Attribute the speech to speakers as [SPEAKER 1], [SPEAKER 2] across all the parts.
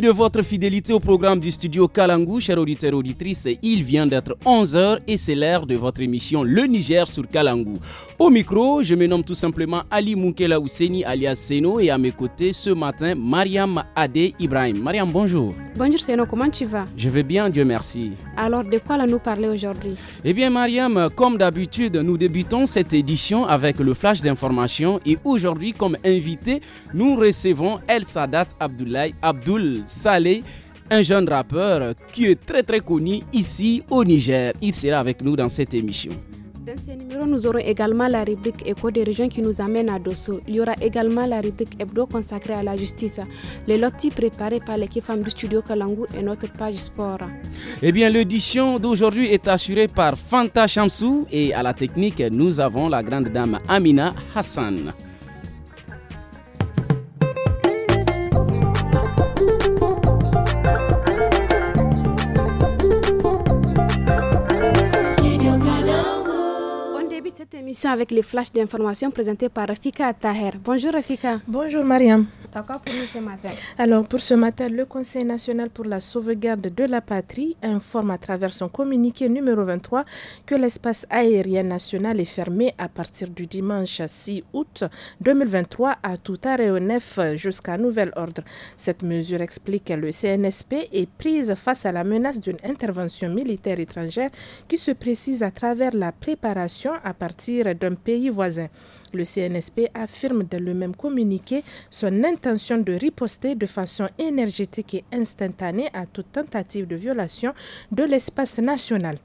[SPEAKER 1] de votre fidélité au programme du studio Kalangu, chers auditeurs et auditrices. Il vient d'être 11h et c'est l'heure de votre émission Le Niger sur Kalangu. Au micro, je me nomme tout simplement Ali Moukela Ousseni alias Seno et à mes côtés ce matin, Mariam Adé Ibrahim. Mariam, bonjour.
[SPEAKER 2] Bonjour Seno, comment tu vas
[SPEAKER 1] Je vais bien, Dieu merci.
[SPEAKER 2] Alors, de quoi allons-nous parler aujourd'hui
[SPEAKER 1] Eh bien, Mariam, comme d'habitude, nous débutons cette édition avec le flash d'information et aujourd'hui, comme invité, nous recevons El Sadat Abdoulaye Abdoul Salé, un jeune rappeur qui est très très connu ici au Niger. Il sera avec nous dans cette émission.
[SPEAKER 2] Dans ce numéro, nous aurons également la rubrique Écho des régions qui nous amène à Dosso. Il y aura également la rubrique Hebdo consacrée à la justice. Les lotis préparés par l'équipe femme du studio Kalangu et notre page sport.
[SPEAKER 1] Eh bien, l'édition d'aujourd'hui est assurée par Fanta Chamsou et à la technique, nous avons la grande dame Amina Hassan.
[SPEAKER 2] émission avec les flashs d'informations présentés par Rafika
[SPEAKER 3] Taher. Bonjour Rafika. Bonjour Mariam ce matin. Alors pour ce matin, le Conseil national pour la sauvegarde de la patrie informe à travers son communiqué numéro 23 que l'espace aérien national est fermé à partir du dimanche 6 août 2023 à tout aéronef jusqu'à nouvel ordre. Cette mesure explique que le CNSP est prise face à la menace d'une intervention militaire étrangère qui se précise à travers la préparation à partir d'un pays voisin. Le CNSP affirme dans le même communiqué son intention de riposter de façon énergétique et instantanée à toute tentative de violation de l'espace national.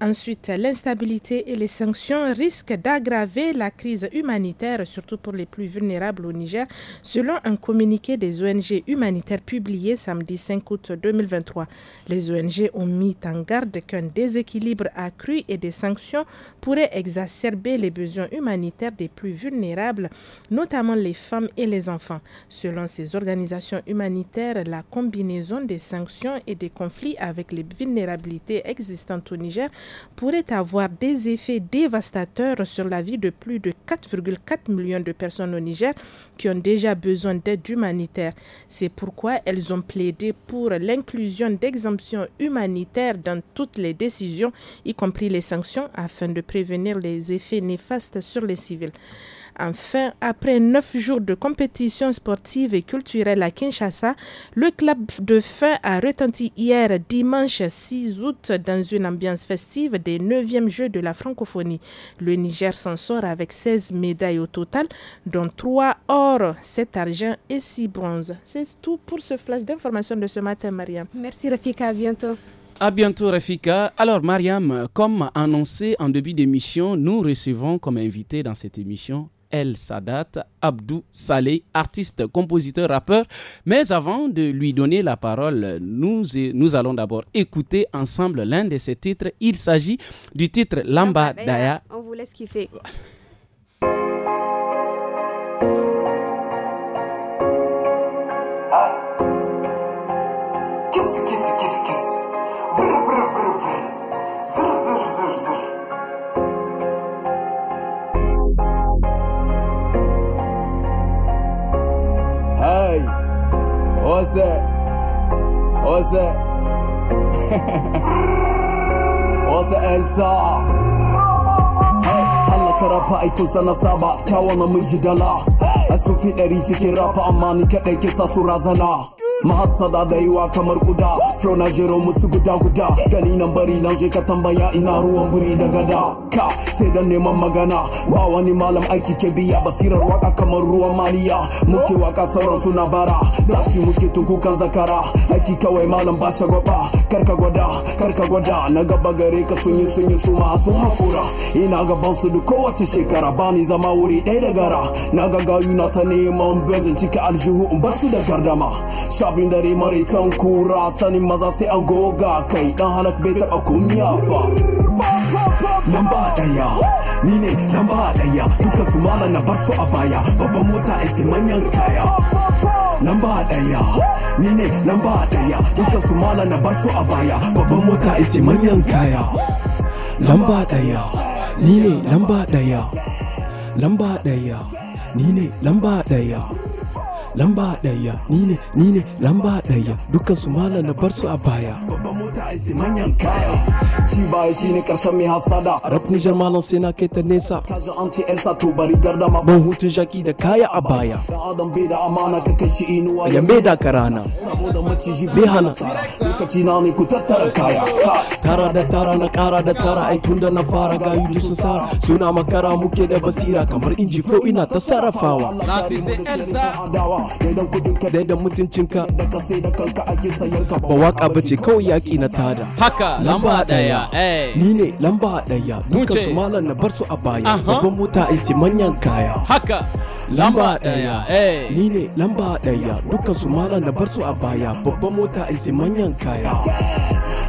[SPEAKER 3] Ensuite, l'instabilité et les sanctions risquent d'aggraver la crise humanitaire, surtout pour les plus vulnérables au Niger, selon un communiqué des ONG humanitaires publié samedi 5 août 2023. Les ONG ont mis en garde qu'un déséquilibre accru et des sanctions pourraient exacerber les besoins humanitaires des plus vulnérables, notamment les femmes et les enfants. Selon ces organisations humanitaires, la combinaison des sanctions et des conflits avec les vulnérabilités existantes au Niger Niger pourrait avoir des effets dévastateurs sur la vie de plus de 4,4 millions de personnes au Niger qui ont déjà besoin d'aide humanitaire. C'est pourquoi elles ont plaidé pour l'inclusion d'exemptions humanitaires dans toutes les décisions, y compris les sanctions, afin de prévenir les effets néfastes sur les civils. Enfin, après neuf jours de compétition sportive et culturelle à Kinshasa, le club de fin a retenti hier dimanche 6 août dans une ambiance festive des 9e Jeux de la francophonie. Le Niger s'en sort avec 16 médailles au total, dont 3 or, 7 argent et 6 bronzes. C'est tout pour ce flash d'information de ce matin, Mariam. Merci Rafika, à bientôt.
[SPEAKER 1] À bientôt, Rafika. Alors, Mariam, comme annoncé en début d'émission, nous recevons comme invité dans cette émission El Sadat Abdou Saleh, artiste, compositeur, rappeur. Mais avant de lui donner la parole, nous, nous allons d'abord écouter ensemble l'un de ses titres. Il s'agit du titre Lamba Daya.
[SPEAKER 2] On vous laisse kiffer.
[SPEAKER 4] What's that? What's that? What's the answer? kara fa sana saba kyawawan miji dala a sun fi ɗari cikin kisa mahasada da yiwa kamar kuda flo na jero musu guda guda gani nan bari nan je ka tambaya ina ruwan buri da gada ka sai da neman magana ba wani malam aiki ke biya basirar waka kamar ruwan maliya muke waka sauran suna bara tashi muke tuku kan zakara aiki kawai malam ba shagwaba karka gwada karka gwada na gaba gare ka sun sunyi sun ma su hakura ina gaban su duk kowace shekara bani zama wuri ɗaya da gara na gagayu na ta neman bezin cika aljihu in basu da gardama sabin dare maraitan kura sanin maza sai a goga kai dan halak bai taba kunya fa lamba daya ni ne lamba daya duka su mala na bar su a baya babban mota ai sai manyan kaya lamba daya ni ne lamba daya duka su mala na bar su a baya babban mota ai sai manyan kaya
[SPEAKER 5] lamba daya
[SPEAKER 4] ni ne lamba daya lamba daya ni ne lamba daya lamba ɗaya ni ne ni ne lamba ɗaya dukkan su malam na bar su a baya isi manyan kaya ci baya ne karshen mai hasada rap nijar malam sai na kai ta nesa kajin an ce elsa to bari gardama ban hutun jaki da kaya a baya da adam bai da amana ka kashi inuwa ya mai da karana saboda maciji bai hana lokaci na ne ku kaya tara da tara na kara da tara ai tunda na fara gayu da sun suna makara muke da basira kamar inji fro ina ta sarrafawa da da mutuncinka da ka sai da kanka ake sayanka ba waka bace kawai yaki na ta tada haka lamba daya eh. ni ne lamba daya eh. dukkan su malam na bar su a baya babban mota isi manyan kaya haka lamba daya ni ne lamba daya dukkan su malam na bar su a baya babban mota isi manyan kaya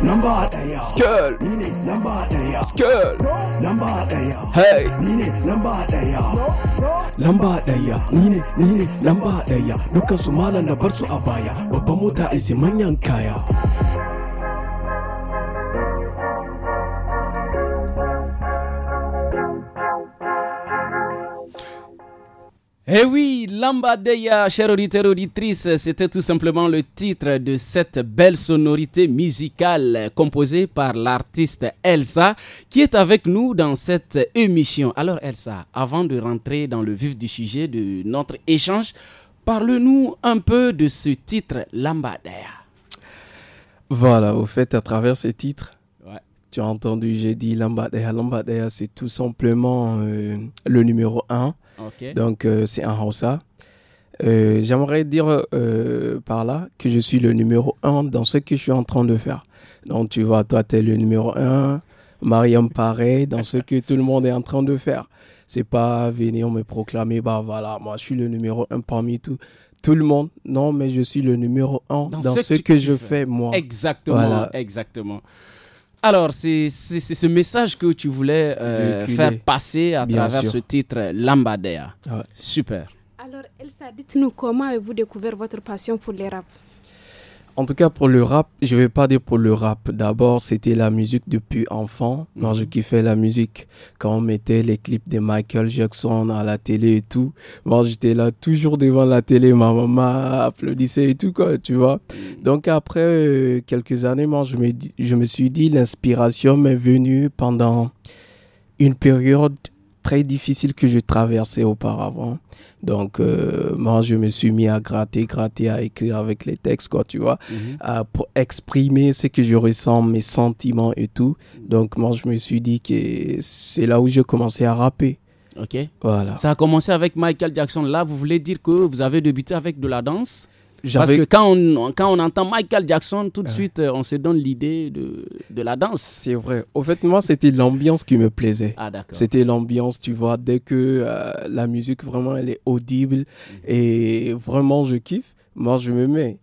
[SPEAKER 4] lamba daya skill ni ne lamba daya skirl lamba daya hey ni ne lamba daya lamba daya ni ne ni ne lamba daya dukkan su malam na bar su a baya babban mota isi manyan kaya
[SPEAKER 1] Eh oui, Lambadeya, chers auditeurs auditrices, c'était tout simplement le titre de cette belle sonorité musicale composée par l'artiste Elsa qui est avec nous dans cette émission. Alors Elsa, avant de rentrer dans le vif du sujet de notre échange, parle-nous un peu de ce titre Lambadeya.
[SPEAKER 6] Voilà, au fait, à travers ce titre, tu as entendu, j'ai dit Lambadeya. Lambadeya, c'est tout simplement euh, le numéro 1 donc, euh, c'est un Hausa. Euh, j'aimerais dire euh, par là que je suis le numéro un dans ce que je suis en train de faire. Donc, tu vois, toi, tu es le numéro un. Mariam pareil dans ce que tout le monde est en train de faire. C'est pas venir me proclamer, bah voilà, moi je suis le numéro un parmi tout, tout le monde. Non, mais je suis le numéro un dans, ce, que, je fais. moi. Exactement,
[SPEAKER 1] exactement. Alors, c'est ce message que tu voulais euh, faire passer à travers ce titre Lambadea.
[SPEAKER 6] Super.
[SPEAKER 2] Alors, Elsa, dites-nous comment avez-vous découvert votre passion pour les rap
[SPEAKER 6] en tout cas, pour le rap, je vais pas dire pour le rap. D'abord, c'était la musique depuis enfant. Moi, mhm. je kiffais la musique quand on mettait les clips de Michael Jackson à la télé et tout. Moi, j'étais là toujours devant la télé. Ma maman applaudissait et tout, quoi, tu vois. Mhm. Donc, après euh, quelques années, moi, je me, suis dit, l'inspiration m'est venue pendant une période très difficile que je traversais auparavant. Donc, euh, moi, je me suis mis à gratter, gratter, à écrire avec les textes, quoi, tu vois, mhm. pour exprimer ce que je ressens, mes sentiments et tout. Mhm. Donc, moi, je me suis dit que c'est là où je commençais à rapper. Ok. Voilà. Ça a
[SPEAKER 1] commencé avec Michael Jackson. Là, vous voulez dire que vous avez débuté avec de la danse parce que quand on, quand on entend
[SPEAKER 6] Michael Jackson, tout de suite, euh, on se donne l'idée de, de, la danse. C'est vrai. Au fait, moi, c'était l'ambiance qui me plaisait. Ah, c'était l'ambiance, tu vois, dès que euh, la musique, vraiment, elle est audible mhm. et vraiment, je kiffe, moi, je me mets.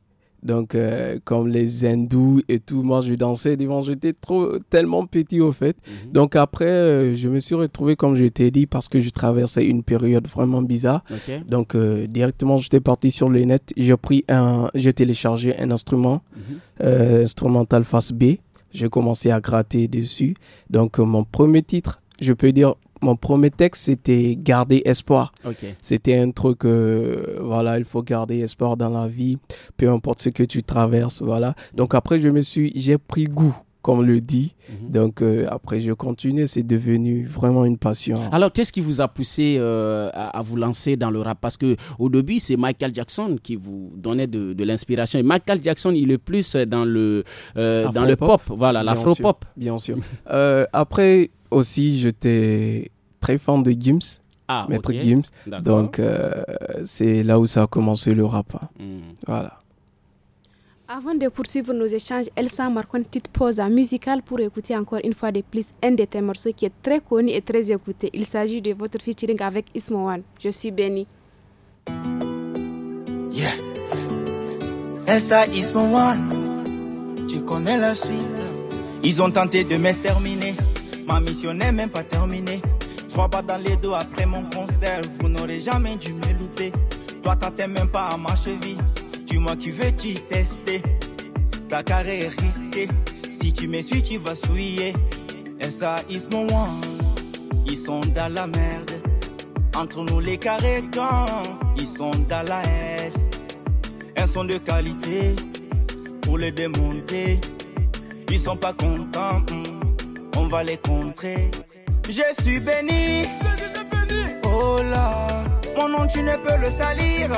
[SPEAKER 6] Donc, euh, comme les hindous et tout, moi, je dansais devant. J'étais trop, tellement petit, au fait. Mhm. Donc, après, euh, je me suis retrouvé, comme je t'ai dit, parce que je traversais une période vraiment bizarre. Donc, euh, directement, j'étais parti sur le net. J'ai pris un, j'ai téléchargé un instrument, mhm. instrumental face B. J'ai commencé à gratter dessus. Donc, mon premier titre, je peux dire mon premier texte, c'était garder espoir. C'était un truc, euh, voilà, il faut garder espoir dans la vie, peu importe ce que tu traverses, voilà. Donc après, je me suis, j'ai pris goût comme le dit. Mhm. Donc euh, après, je continue. C'est devenu vraiment une passion.
[SPEAKER 1] Alors, qu'est-ce qui vous a poussé euh, à, vous lancer dans le rap Parce que au début, c'est Michael Jackson qui vous donnait de, l'inspiration. Et Michael Jackson, il est plus dans le dans le pop, voilà, l'afro-pop. Bien sûr.
[SPEAKER 6] après, aussi, j'étais très fan de Gims. Ah, Maître Gims. Donc, euh, c'est là où ça a commencé le rap. Hein. Hmm. Voilà.
[SPEAKER 2] Avant de poursuivre nos échanges, Elsa tu une petite pause musicale pour écouter encore une fois de plus un de tes morceaux qui est très connu et très écouté. Il s'agit de votre featuring avec One Je suis béni.
[SPEAKER 7] Yeah. Elsa One tu connais la suite. Ils ont tenté de m'exterminer Ma mission n'est même pas terminée. Trois pas dans les dos après mon concert, vous n'aurez jamais dû me louper. Toi t'attends même pas à ma cheville, Tu moi qui veux-tu tester. Ta carrière est risquée, si tu me suis tu vas souiller. Et ça, ils sont ils sont dans la merde. Entre nous les carrés quand ils sont dans la S. Elles sont de qualité pour les démonter. Ils sont pas contents. Hmm on va les contrer. Je suis béni. Oh là, mon nom tu ne peux le salir.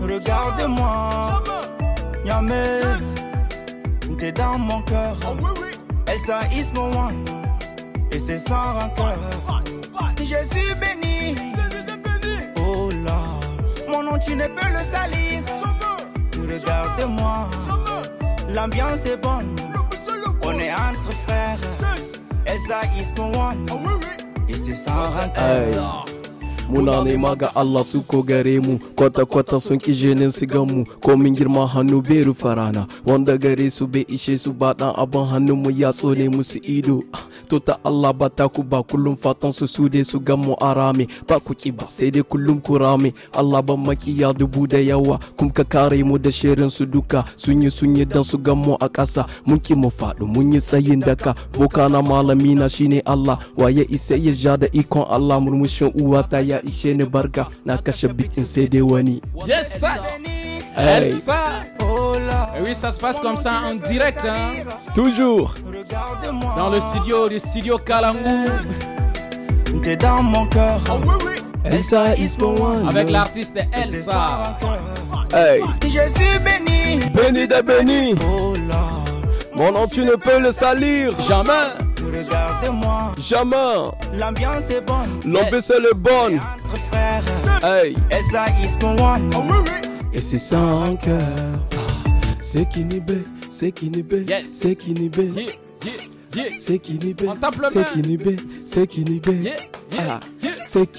[SPEAKER 7] Regarde-moi, Tu t'es dans mon cœur.
[SPEAKER 4] Ah
[SPEAKER 7] Elle is mon one, et c'est sans rancœur. Je suis béni. Oh là, mon nom tu ne peux le salir. Regarde-moi, l'ambiance est bonne on est entre frères. Elles haïssent mon one. Et c'est ah, sans rancœur.
[SPEAKER 4] muna nema ga Allah su ko gare mu kwata kwata sun ki jenin su mu komin girma hannu bai rufa rana wanda gare su bai ishe su ba dan abin hannun mu ya tsone musu ido ah, to ta Allah ba ta ku ba kullum fatan su su dai su gan mu arame ba ku ki ba sai dai kullum ku rame Allah ban makiya dubu da yawa kum ka kare mu da shirin su duka sun yi sun yi dan su gan mu a kasa mun ki mu fadu mun yi tsayin daka boka na malami na shine Allah waye isa ya ja da ikon Allah murmushin uwa ta ya Ici ishe barga barka na kashe wani
[SPEAKER 1] yes Et eh oui, ça se passe comme ça en direct, hein. Toujours dans le studio, du studio Kalamou. T'es dans
[SPEAKER 4] mon cœur. Oh, Elsa is for one.
[SPEAKER 1] Avec l'artiste Elsa.
[SPEAKER 4] Hey. Je suis béni. Béni de béni. Oh mon nom, tu ne peux le salir. Jamais. Jamais.
[SPEAKER 7] L'ambiance est bonne.
[SPEAKER 4] L'ambiance est bonne.
[SPEAKER 6] Hey. Et ça qui for one. C'est ah qui Et c'est ça en cœur. C'est qui Kinibé, c'est qui Kinibé, c'est qui Kinibé. C'est Kinibé,
[SPEAKER 4] c'est Kinibé, c'est qui ah. C'est c'est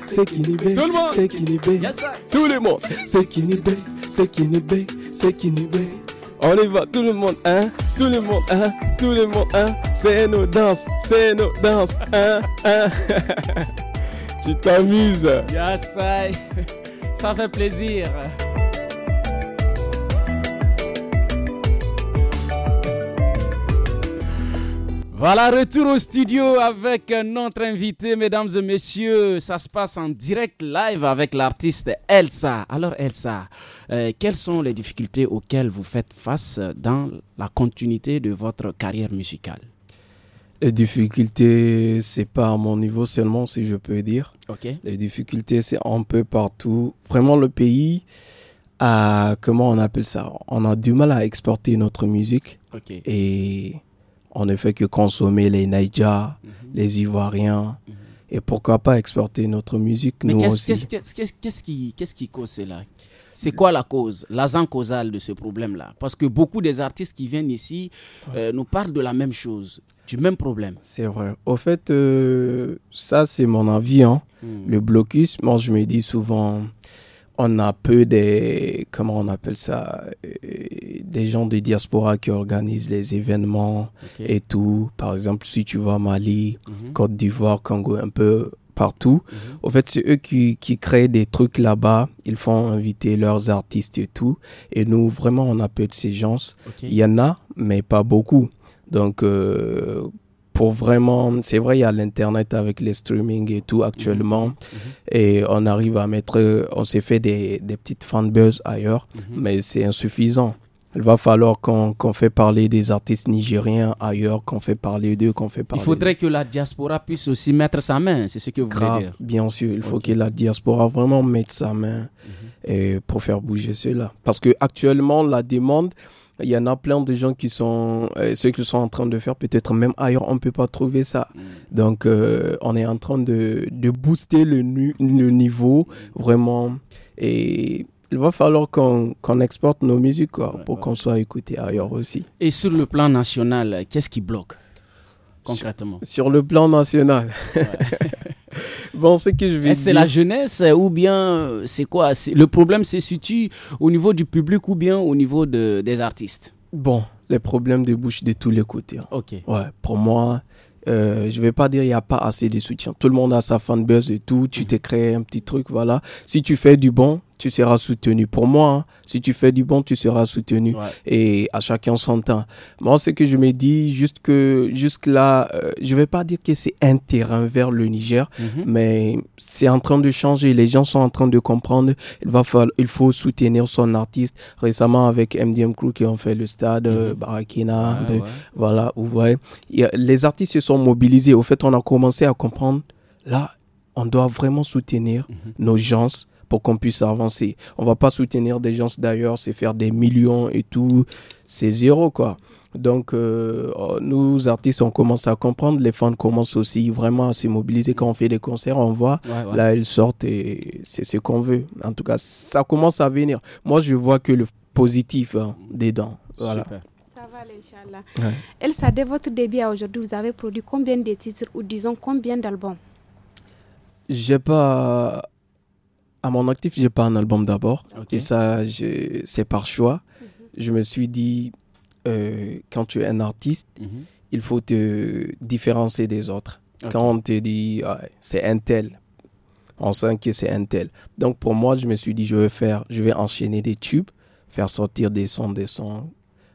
[SPEAKER 4] c'est Tous les mots. C'est qui bé c'est qui bé c'est qui bé
[SPEAKER 6] on y va, tout le monde, hein Tout le monde, hein Tout le monde, hein C'est nos danses, c'est nos danses, hein, hein Tu t'amuses
[SPEAKER 1] Yes, ça fait plaisir Voilà, retour au studio avec notre invité, mesdames et messieurs. Ça se passe en direct live avec l'artiste Elsa. Alors Elsa, euh, quelles sont les difficultés auxquelles vous
[SPEAKER 6] faites face dans la continuité de
[SPEAKER 1] votre carrière
[SPEAKER 6] musicale Les difficultés, c'est pas à mon niveau seulement, si je peux dire. Les difficultés, c'est un peu partout. Vraiment, le pays a, comment on appelle ça On a du mal à exporter notre musique. Et on ne fait que consommer les Nigéras, mhm. les Ivoiriens, mhm. et pourquoi pas exporter notre musique, Mais nous aussi.
[SPEAKER 1] Qu'est-ce qui, cause cela c'est quoi la cause, l'agent causal de ce problème-là Parce que beaucoup des artistes qui viennent ici euh, nous parlent de la même chose, du même problème.
[SPEAKER 6] C'est vrai. Au fait, euh, ça c'est mon avis. Hein. Hmm. Le blocus, moi je me dis souvent, on a peu des, comment on appelle ça, euh, des gens de diaspora qui organisent les événements et tout. Par exemple, si tu vas Mali, mhm. Côte d'Ivoire, Congo, un peu partout. En mhm. Au fait, c'est eux qui, créent des trucs là-bas. Ils font inviter leurs artistes et tout. Et nous, vraiment, on a peu de ces gens. Il y en a, mais pas beaucoup. Donc, euh, pour vraiment, c'est vrai, il y a l'Internet avec les streaming et tout actuellement. Mhm. Mhm. Et on arrive à mettre, on s'est fait des, des petites fanbuzz ailleurs, mhm. mais c'est insuffisant. Il va falloir qu'on fait parler des artistes nigériens ailleurs, qu'on fait parler d'eux, qu'on fait parler. Il faudrait
[SPEAKER 1] que la diaspora puisse aussi mettre sa main, c'est ce que vous voulez dire.
[SPEAKER 6] Bien sûr, il faut que la diaspora vraiment mette sa main et pour faire bouger cela. Parce que actuellement, la demande, il y en a plein de gens qui sont, euh, ceux qui sont en train de faire, peut-être même ailleurs, on ne peut pas trouver ça. Mm. Donc, euh, on est en train de, de booster le, nu le niveau, vraiment. Et il va falloir qu'on exporte nos musiques pour qu'on soit écouté ailleurs aussi.
[SPEAKER 1] Et sur le plan national, qu'est-ce qui bloque concrètement
[SPEAKER 6] sur, le plan national.
[SPEAKER 1] bon, que je vais C'est la jeunesse ou bien euh, c'est quoi Le problème se situe au niveau du public ou bien au niveau des artistes
[SPEAKER 6] Bon, les problèmes débouchent de tous les côtés. Hein. Ok. Ouais, pour moi, euh, je vais pas dire il n'y a pas assez de soutien. Tout le monde a sa fanbase et tout. Tu mm. t'es créé un petit truc, voilà. Si tu fais du bon, tu seras soutenu. Pour moi, hein, si tu fais du bon, tu seras soutenu. Et à chacun son temps. Moi, ce que je me dis, juste que jusque-là, je euh, je vais pas dire que c'est un terrain vers le Niger, mhm. mais c'est en train de changer. Les gens sont en train de comprendre. Il va falloir, il faut soutenir son artiste. Récemment, avec MDM Crew qui ont fait le stade mhm. euh, Barakina, voilà, vous voyez. les artistes se sont mobilisés. Au fait, on a commencé à comprendre. Là, on doit vraiment soutenir mhm. nos gens pour qu'on puisse avancer. On va pas soutenir des gens d'ailleurs, c'est faire des millions et tout, c'est zéro quoi. Donc euh, oh, nous artistes, on commence à comprendre, les fans commencent aussi vraiment à se mobiliser quand on fait des concerts, on voit, là ils sortent et c'est ce qu'on veut. En tout cas, ça commence à venir. Moi, je vois que le positif des hein, dedans. Voilà. Super.
[SPEAKER 2] Ça va, votre débit à aujourd'hui, vous avez produit combien de titres ou disons combien d'albums
[SPEAKER 6] J'ai pas à mon actif, j'ai pas un album d'abord. Et ça, c'est par choix. Mhm. Je me suis dit, euh, quand tu es un artiste, mhm. il faut te différencier des autres. Quand on te dit, ah, c'est un tel, on sent que c'est un tel. Donc pour moi, je me suis dit, je vais faire, je vais enchaîner des tubes, faire sortir des sons, des sons.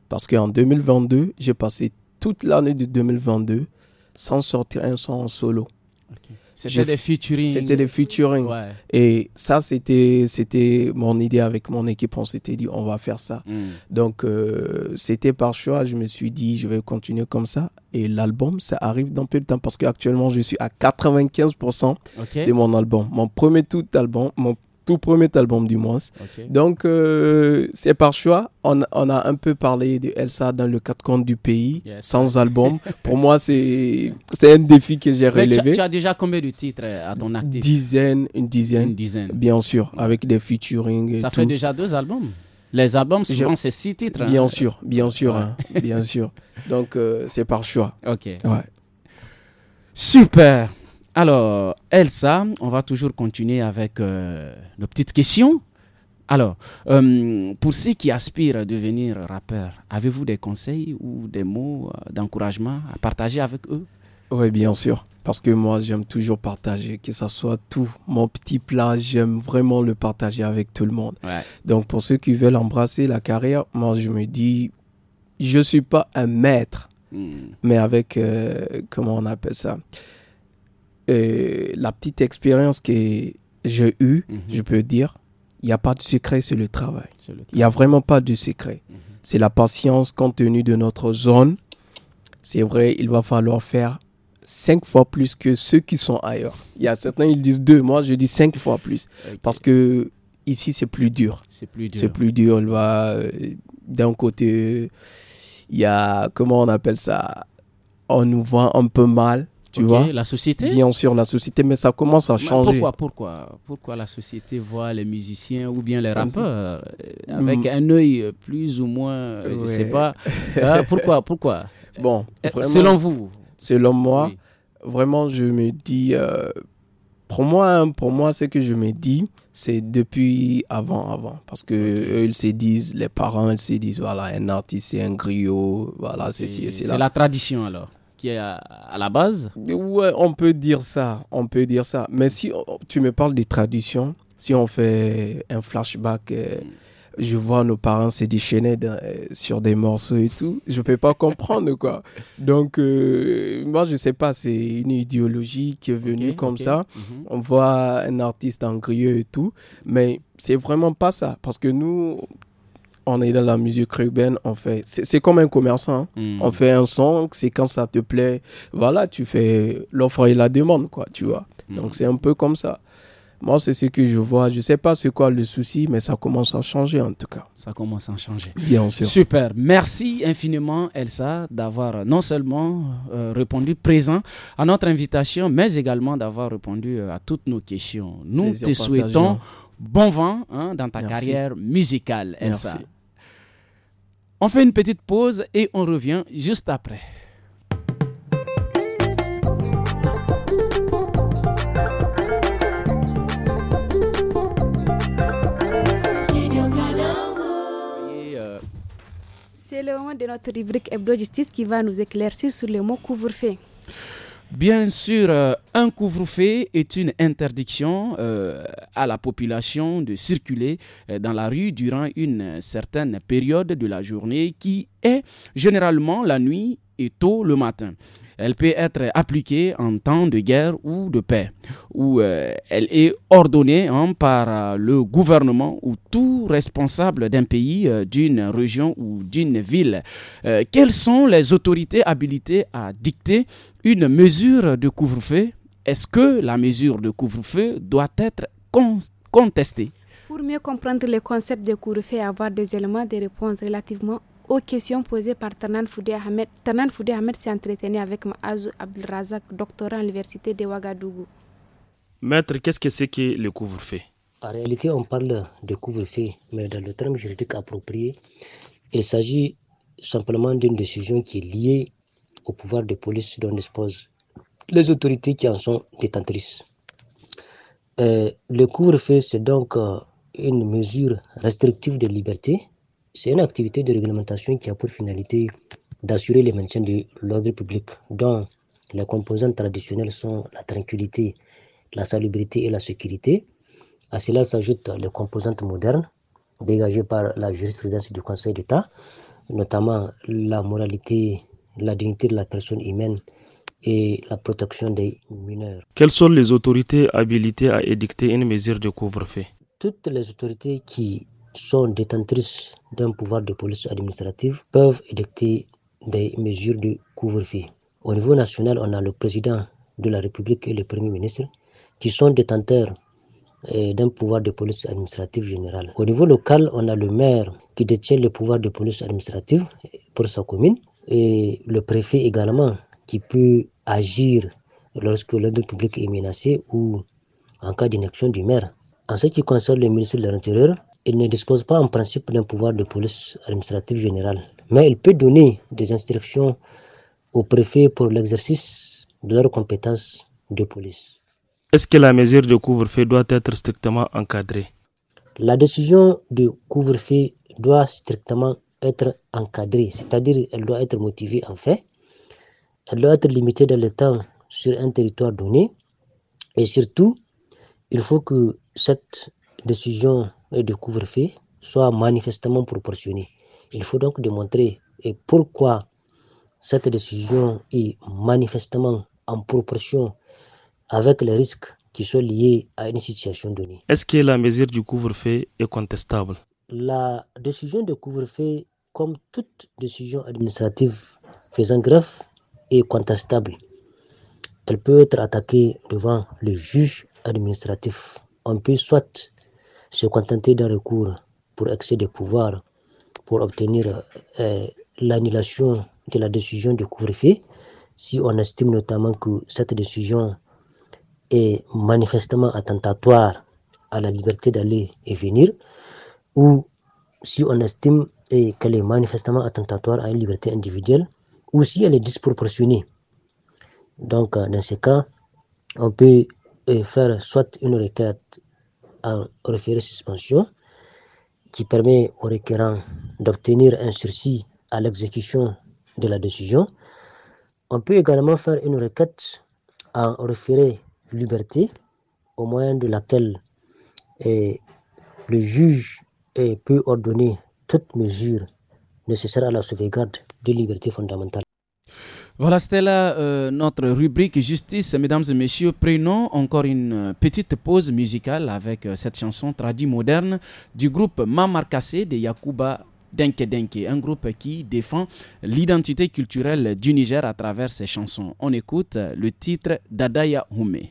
[SPEAKER 6] Parce qu'en 2022, j'ai passé toute l'année de 2022 sans sortir un son en solo. OK. C'était des featuring. C'était des featuring. Et ça, c'était, c'était mon idée avec mon équipe. On s'était dit, on va faire ça. Mm. Donc, euh, c'était par choix. Je me suis dit, je vais continuer comme ça. Et l'album, ça arrive dans peu de temps parce qu'actuellement, je suis à 95% de mon album. Mon premier tout album, mon tout premier album du mois. Donc, euh, c'est par choix. On, on, a un peu parlé de Elsa dans le quatre comptes du pays, sans album. Pour moi, c'est un défi que j'ai relevé. Tu
[SPEAKER 1] as déjà combien de titres euh, à ton actif Une dizaine. Une dizaine.
[SPEAKER 6] Bien sûr, avec des featuring. Et Ça fait déjà
[SPEAKER 1] deux albums les albums, souvent, c'est six titres. Hein. Bien
[SPEAKER 6] sûr, bien sûr, hein, bien sûr. Donc, euh, c'est par choix. Ok. Super. Alors, Elsa, on va toujours continuer avec euh,
[SPEAKER 1] nos petites questions. Alors, euh, pour ceux qui aspirent à devenir
[SPEAKER 6] rappeur, avez-vous des conseils ou des mots euh, d'encouragement à partager avec eux Oui, bien sûr. Parce que moi, j'aime toujours partager, que ça soit tout. Mon petit plat, j'aime vraiment le partager avec tout le monde. Donc, pour ceux qui veulent embrasser la carrière, moi, je me dis, je ne suis pas un maître, hmm. mais avec, comment on appelle ça euh, la petite expérience que j'ai eue, mhm. je peux dire, il n'y a pas de secret sur le travail. Il n'y a vraiment pas de secret. Mhm. C'est la patience compte tenu de notre zone. C'est vrai, il va falloir faire cinq fois plus que ceux qui sont ailleurs. Il y a certains, ils disent deux. Moi, je dis cinq fois plus. Parce que ici, c'est plus dur. C'est plus dur. va, euh, d'un côté, il y a, comment on appelle ça On nous voit un peu mal. Tu vois La société Bien sûr, la société, mais ça commence à changer. Pourquoi,
[SPEAKER 1] pourquoi, pourquoi la société voit les musiciens ou bien les rappeurs euh, avec mm. un œil plus ou moins, euh, je ne sais pas. Ah, pourquoi, pourquoi
[SPEAKER 6] Bon, euh, selon vous Selon moi, vraiment, je me dis, pour moi, hein, pour moi, ce que je me dis, c'est depuis avant, avant. Parce que ils se disent, les parents, ils se disent, voilà, un artiste, c'est un griot, voilà, c'est C'est la tradition alors qui est à, la base Ouais, on peut dire ça, on peut dire ça. Mais si tu me parles des traditions, si on fait un flashback, euh, je vois nos parents se déchaîner euh, sur des morceaux et tout, je peux pas comprendre quoi. Donc euh, moi je sais pas, c'est une idéologie qui est venue comme ça. Mhm. On voit un artiste en grieux et tout, mais c'est vraiment pas ça parce que nous on est dans la musique urbaine, fait. C'est comme un commerçant. Hein. Hmm. On fait un son, c'est quand ça te plaît. Voilà, tu fais l'offre et la demande, quoi, tu vois. Hmm. Donc c'est un peu comme ça. Moi, c'est ce que je vois. Je ne sais pas c'est quoi le souci, mais ça commence à changer en tout cas. Ça commence à changer. Bien Super.
[SPEAKER 1] Merci infiniment, Elsa, d'avoir non seulement euh, répondu présent à notre invitation, mais également d'avoir répondu euh, à toutes nos questions. Nous te souhaitons hein. bon vent hein, dans ta carrière musicale, Elsa. Merci. On fait une petite pause et on revient juste après.
[SPEAKER 2] Euh, C'est le moment de notre rubrique Hebdo Justice qui va nous éclaircir sur le mot couvre-feu.
[SPEAKER 1] Bien sûr, euh, un couvre-feu est une interdiction euh, à la population de circuler euh, dans la rue durant une certaine période de la journée qui est généralement la nuit et tôt le matin. Elle peut être appliquée en temps de guerre ou de paix, ou euh, elle est ordonnée hein, par euh, le gouvernement ou tout responsable d'un pays, euh, d'une région ou d'une ville. quelles sont les autorités habilitées à dicter une mesure de couvre-feu Est-ce que la mesure de couvre-feu doit être contestée
[SPEAKER 2] pour mieux comprendre le concept de couvre-feu avoir des éléments de réponse relativement aux questions posées par Tanan Foudé Ahmed. Tanan Foudé Ahmed s'est entretenu avec Maazou Abdelrazak, doctorant à l'université de Ouagadougou.
[SPEAKER 8] Maître, qu'est-ce que c'est que le couvre-feu
[SPEAKER 9] En réalité, on parle de couvre-feu, mais dans le terme juridique approprié, il s'agit simplement d'une décision qui est liée au pouvoir de police dont disposent les autorités qui en sont détentrices. Euh, le couvre-feu, c'est donc euh, une mesure restrictive de liberté c'est une activité de réglementation qui a pour finalité d'assurer le maintien de l'ordre public, dont les composantes traditionnelles sont la tranquillité, la salubrité et la sécurité. À cela s'ajoutent les composantes modernes, dégagées par la jurisprudence du Conseil d'État, notamment la moralité, la dignité de la personne humaine et la protection des mineurs.
[SPEAKER 8] Quelles sont les autorités habilitées à édicter une mesure de couvre-feu
[SPEAKER 9] Toutes les autorités qui sont détentrices d'un pouvoir de police administrative peuvent édicter des mesures de couvre-feu. Au niveau national, on a le président de la République et le premier ministre qui sont détenteurs euh, d'un pouvoir de police administrative générale. Au niveau local, on a le maire qui détient le pouvoir de police administrative pour sa commune et le préfet également qui peut agir lorsque l'ordre public est menacé ou en cas d'inaction du maire. En ce qui concerne le ministre de l'Intérieur, il ne dispose pas en principe d'un pouvoir de police administrative générale, mais il peut donner des instructions au préfet pour l'exercice de leurs compétences de police.
[SPEAKER 8] Est-ce que la mesure de couvre-feu doit être strictement encadrée
[SPEAKER 9] La décision de couvre-feu doit strictement être encadrée, c'est-à-dire elle doit être motivée en fait, elle doit être limitée dans le temps sur un territoire donné, et surtout, il faut que cette décision de couvre-feu soit manifestement proportionné. Il faut donc démontrer pourquoi cette décision est manifestement en proportion avec les risques qui sont liés à une situation donnée. Est-ce que la mesure du couvre-feu est contestable La décision de couvre-feu, comme toute décision administrative faisant greffe, est contestable. Elle peut être attaquée devant le juge administratif. On peut soit se contenter d'un recours pour excès de pouvoir pour obtenir euh, l'annulation de la décision de couvre si on estime notamment que cette décision est manifestement attentatoire à la liberté d'aller et venir, ou si on estime qu'elle est manifestement attentatoire à une liberté individuelle, ou si elle est disproportionnée. Donc, euh, dans ces cas, on peut euh, faire soit une requête en référé suspension qui permet au requérant d'obtenir un sursis à l'exécution de la décision. On peut également faire une requête en référé liberté au moyen de laquelle eh, le juge eh, peut ordonner toute mesure nécessaire à la sauvegarde des libertés fondamentales.
[SPEAKER 1] Voilà, c'était là euh, notre rubrique justice. Mesdames et messieurs, prenons encore une euh, petite pause musicale avec euh, cette chanson traduite moderne du groupe Mamarkasé de Yakuba Denke Denke, un groupe qui défend l'identité culturelle du Niger à travers ses chansons. On écoute le titre Dadaya Hume.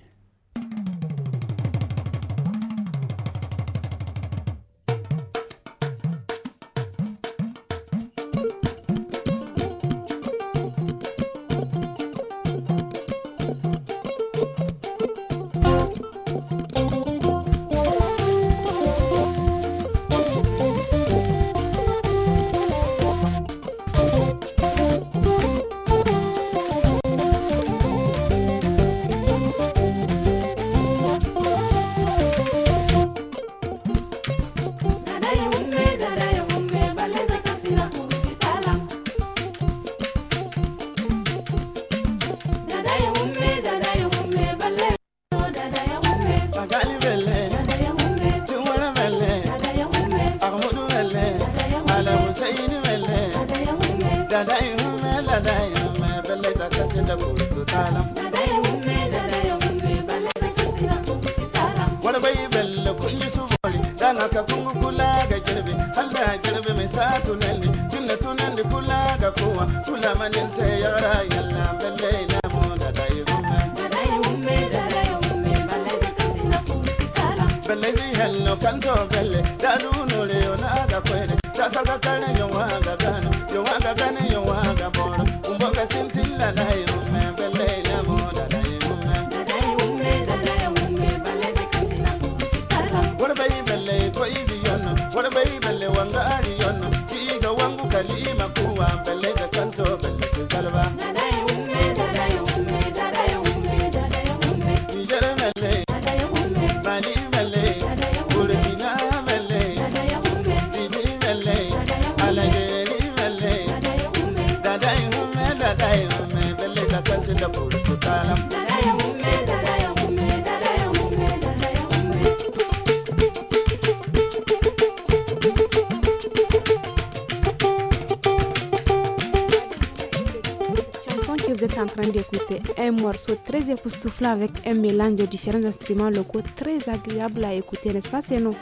[SPEAKER 2] que vous êtes en train d'écouter un morceau très époustouflant avec un mélange de différents instruments locaux très agréable à écouter, n'est-ce pas, non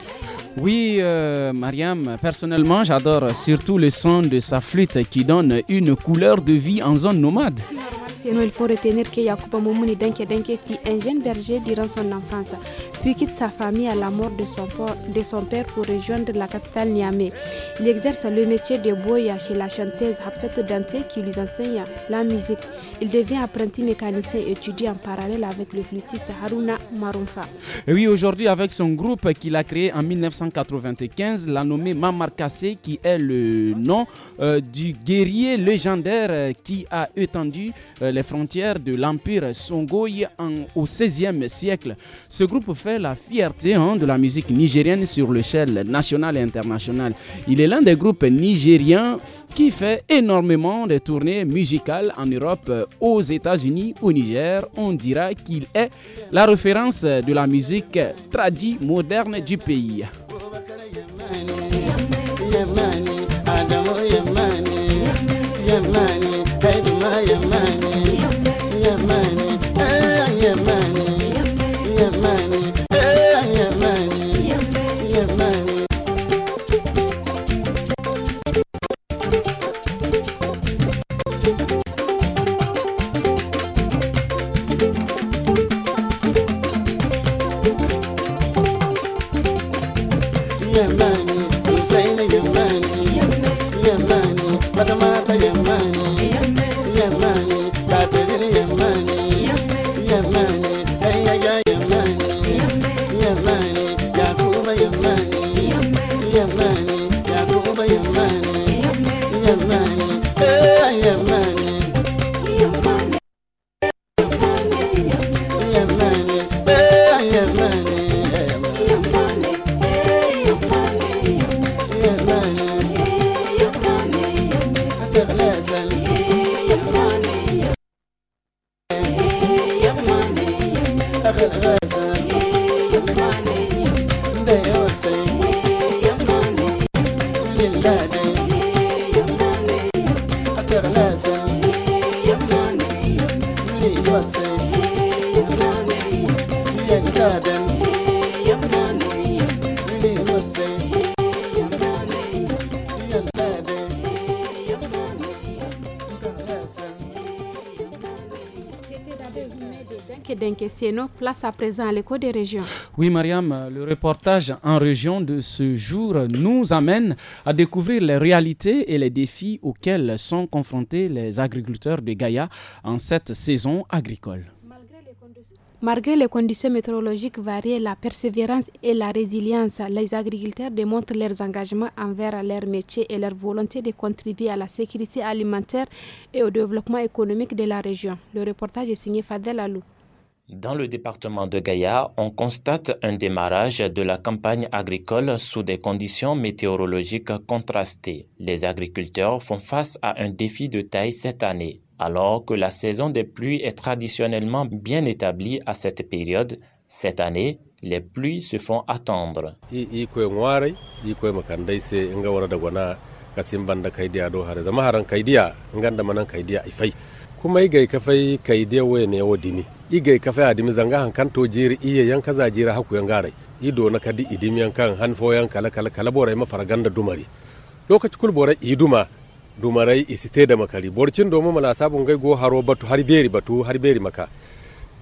[SPEAKER 1] Oui, euh, Mariam, personnellement, j'adore surtout le son de sa flûte qui donne une couleur de vie en zone nomade
[SPEAKER 2] il faut retenir que Yacouba Moumouni Denke Denke un jeune berger durant son enfance, puis quitte sa famille à la mort de son, de son père pour rejoindre la capitale Niamey. Il exerce le métier de boya chez la chanteuse Habset Dante qui lui enseigne la musique. Il devient apprenti mécanicien et étudie en parallèle avec le flûtiste Haruna Marumfa.
[SPEAKER 1] oui, aujourd'hui, avec son groupe qu'il a créé en 1995, l'a nommé Mamar qui est le nom euh, du guerrier légendaire euh, qui a étendu euh, les frontières de l'empire Songoï au XVIe siècle. Ce groupe fait la fierté hein, de la musique nigérienne sur l'échelle nationale et internationale. Il est l'un des groupes nigériens qui fait énormément de tournées musicales en Europe, aux États-Unis, au Niger. On dira qu'il est la référence de la musique tradie moderne du pays.
[SPEAKER 5] jamani
[SPEAKER 2] place à présent à l'écho des régions.
[SPEAKER 1] Oui, Mariam, le reportage en région de ce jour nous amène à découvrir les réalités et les défis auxquels sont confrontés les agriculteurs de Gaïa en cette saison agricole.
[SPEAKER 2] Malgré les conditions météorologiques variées, la persévérance et la résilience, les agriculteurs démontrent leurs engagements envers leur métier et leur volonté de contribuer à la sécurité alimentaire et au développement économique de la région. Le reportage est signé Fadel Alou.
[SPEAKER 8] Dans le département de Gaïa, on constate un démarrage de la campagne agricole sous des conditions météorologiques contrastées. Les agriculteurs font face à un défi de taille cette année. Alors que la saison des pluies est traditionnellement bien établie à cette période, cette année, les pluies se font attendre
[SPEAKER 10] igay kafe adimi zanga han kanto jiri iye yan kaza jira haku yan garai ido na kadi idimi yan kan han fo yan kala kala kala borai mafarganda dumari lokaci kul borai iduma dumarai isite da makari borcin domo mala sabun gai go haro batu har beri batu har beri maka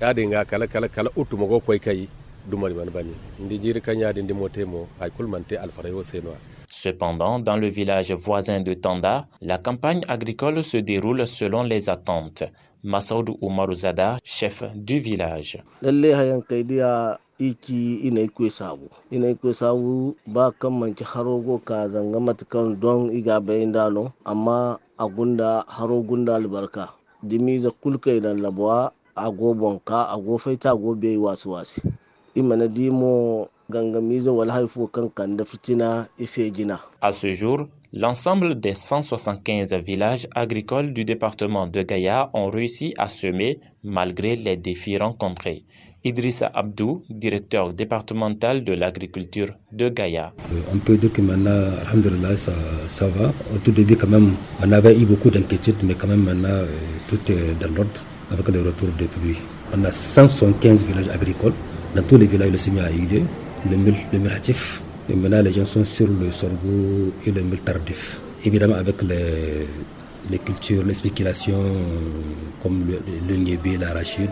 [SPEAKER 10] ya dinga kala kala kala utu mago koi kai dumari man bani ndi jiri kanya dindi motemo
[SPEAKER 8] ay kul mante alfarayo senwa Cependant, dans le village voisin de Tanda, la campagne agricole se déroule selon les attentes. Masaudu Umaru Zada, chef du village.
[SPEAKER 5] Lalle hayan kaidiya iki ina ikwe sabu ina ikwe sabu ba kan manci harogo ka zanga matakan don iga bayin dano amma a gunda haro gunda albarka dimi za kulka idan labuwa a gobon ka a gofai ta gobe wasu wasu ima na dimo gangami za wal haifo kan kan da fitina ise gina
[SPEAKER 8] a ce L'ensemble des 175 villages agricoles du département de Gaïa ont réussi à semer malgré les défis rencontrés. Idrissa Abdou, directeur départemental de l'agriculture de Gaïa.
[SPEAKER 11] Euh, on peut dire que maintenant, ça, va. Au tout début, quand même, on avait eu beaucoup d'inquiétudes, mais quand même, maintenant, euh, tout est dans l'ordre avec le retour des pluies. On a 175 villages agricoles. Dans tous les villages, le semis a Le, le maintenant, les gens sont sur le sorgho et le mil tardif. Évidemment, avec les, cultures, les spéculations euh, comme le, le, la l'arachide,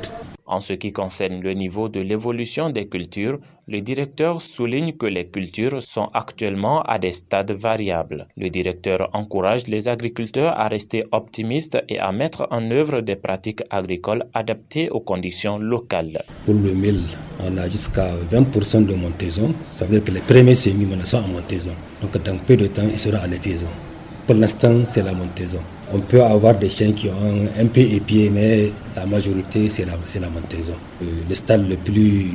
[SPEAKER 8] en ce qui concerne le niveau de l'évolution des cultures, le directeur souligne que les cultures sont actuellement à des stades variables. Le directeur encourage les agriculteurs à rester optimistes et à mettre en œuvre des pratiques agricoles adaptées aux conditions
[SPEAKER 11] locales. Pour le mil, on a jusqu'à 20% de montaison. Ça veut dire que les premiers semis, on en montaison. Donc dans peu de temps, il sera à l'effaison. Pour l'instant, c'est la montaison. On peut avoir des chiens qui ont un peu épié, mais la majorité, c'est la, montaison. Euh, le stade le plus,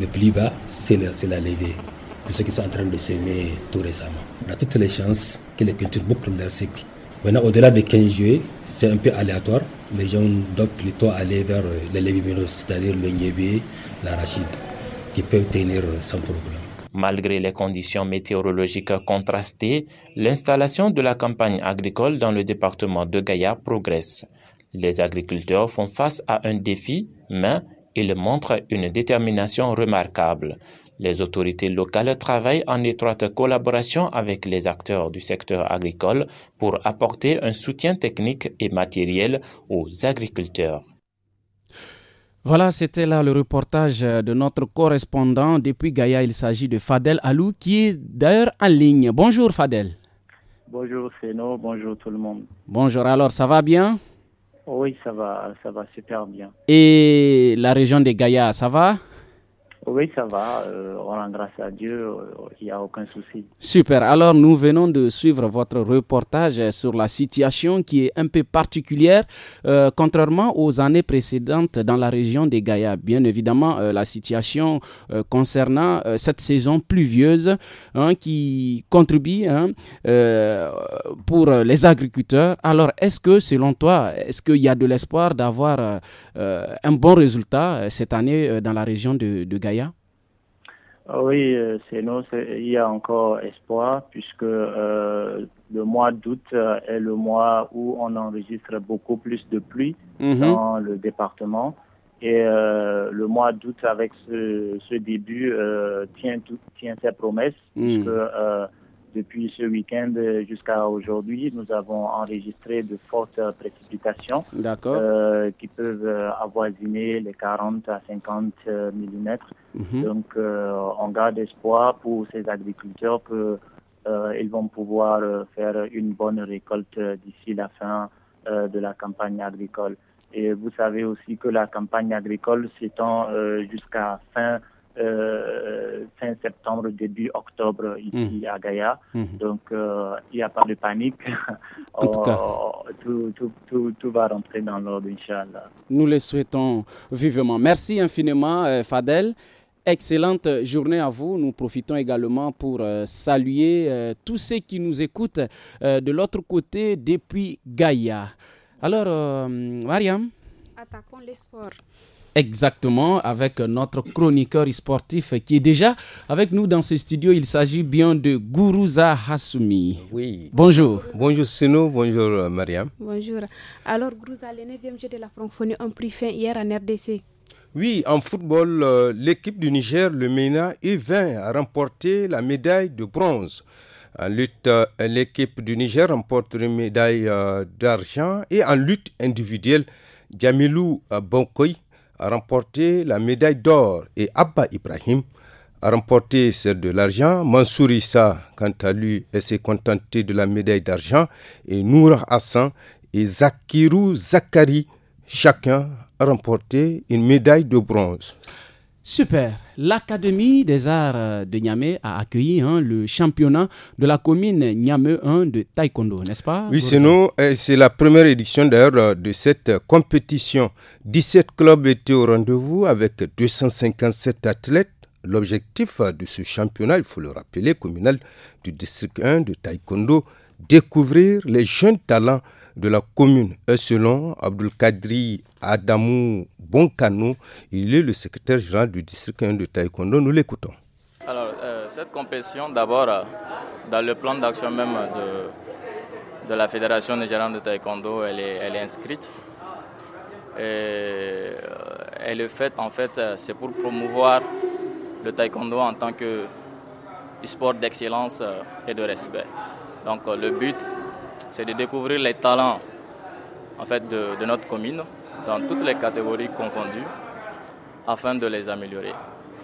[SPEAKER 11] le plus bas, c'est la levée pour ceux qui sont en train de semer tout récemment. On a toutes les chances que les cultures bouclent leur cycle. Maintenant, au-delà de 15 juillet, c'est un peu aléatoire. Les gens doivent plutôt aller vers les légumineuses, c'est-à-dire le la l'arachide, qui peuvent tenir sans problème.
[SPEAKER 8] Malgré les conditions météorologiques contrastées, l'installation de la campagne agricole dans le département de Gaïa progresse. Les agriculteurs font face à un défi, mais ils montrent une détermination remarquable. Les autorités locales travaillent en étroite collaboration avec les acteurs du secteur agricole pour apporter un soutien technique et matériel aux agriculteurs.
[SPEAKER 1] Voilà, c'était là le reportage de notre correspondant depuis Gaïa. Il s'agit de Fadel Alou, qui est d'ailleurs en ligne. Bonjour Fadel.
[SPEAKER 12] Bonjour Seno, bonjour tout le monde.
[SPEAKER 1] Bonjour, alors ça va bien
[SPEAKER 12] Oui, ça va, ça va super bien.
[SPEAKER 1] Et la région de Gaïa, ça va
[SPEAKER 12] oui, ça va. Euh, on grâce à Dieu. Euh, il n'y a aucun souci.
[SPEAKER 1] Super. Alors, nous venons de suivre votre reportage sur la situation qui est un peu particulière, euh, contrairement aux années précédentes dans la région de Gaïa. Bien évidemment, la situation concernant cette saison pluvieuse hein, qui contribue hein, pour les agriculteurs. Alors, est-ce que, selon toi, est-ce qu'il y a de l'espoir d'avoir un bon résultat cette année dans la région de, de Gaïa?
[SPEAKER 12] Ah oui, euh, nous. il y a encore espoir puisque euh, le mois d'août euh, est le mois où on enregistre beaucoup plus de pluie
[SPEAKER 5] mhm. dans le
[SPEAKER 12] département. Et le mois d'août, avec ce, début, tient, tient ses promesses, mhm. Depuis ce week-end euh, jusqu'à aujourd'hui, nous avons enregistré de fortes précipitations euh, qui peuvent euh, avoisiner les 40 à 50 mm. Mhm. Donc, on garde espoir pour ces agriculteurs qu'ils vont pouvoir faire une bonne récolte d'ici la fin de la campagne agricole. Et vous savez aussi que la campagne agricole s'étend jusqu'à fin euh, euh, fin septembre, début octobre ici mhm. à Gaïa. Mhm. Donc, euh, il n'y a pas de panique. Oh, tout, va rentrer dans l'ordre, Inch'Allah.
[SPEAKER 1] Nous le souhaitons vivement. Merci infiniment, Fadel. Excellente journée à vous. Nous profitons également pour saluer tous ceux qui nous écoutent de l'autre côté depuis Gaïa. Alors, Mariam Attaquons les Exactement, avec notre chroniqueur sportif qui est déjà avec nous dans ce studio. Il s'agit bien de Guruza Hassoumi. Oui. Bonjour. Bonjour Sino, bonjour euh, Mariam.
[SPEAKER 2] Bonjour. Alors Guruza, le 9e de la francophonie a pris fin hier en RDC.
[SPEAKER 10] Oui, en football, euh, l'équipe du Niger, le MENA u vint à remporter la médaille de bronze. En lutte, euh, l'équipe du Niger remporte une médaille d'argent et en lutte individuelle, Djamilou Bonkoy a remporté la médaille d'or et Abba Ibrahim a remporté celle de l'argent. Mansourissa, quant à lui, s'est contenté de la médaille d'argent et Nour Hassan et Zakirou Zakari, chacun a remporté une médaille de bronze.
[SPEAKER 1] Super. L'Académie des arts de Niamey a accueilli hein, le championnat de la commune Niamey 1 de Taekwondo, n'est-ce pas Oui, c'est
[SPEAKER 10] nous. Euh, c'est la première édition d'ailleurs euh, de cette euh, compétition. 17 clubs étaient au rendez-vous avec 257 athlètes. L'objectif de ce championnat, il faut le rappeler, communal du district 1 de Taekwondo, découvrir les jeunes talents de la commune. selon Abdul Kadri Adamou bon canot, Il est le secrétaire général du district 1 de Taekwondo. Nous l'écoutons.
[SPEAKER 13] Alors, euh, cette compétition, d'abord, euh, dans le plan d'action même de, de la Fédération nigériane de Taekwondo, elle est, inscrite. Et euh, elle est faite, en fait, c'est pour promouvoir le taekwondo en tant que sport d'excellence et de respect. Donc le but, c'est de découvrir les talents en fait, de notre commune dans toutes les catégories confondues afin de les améliorer.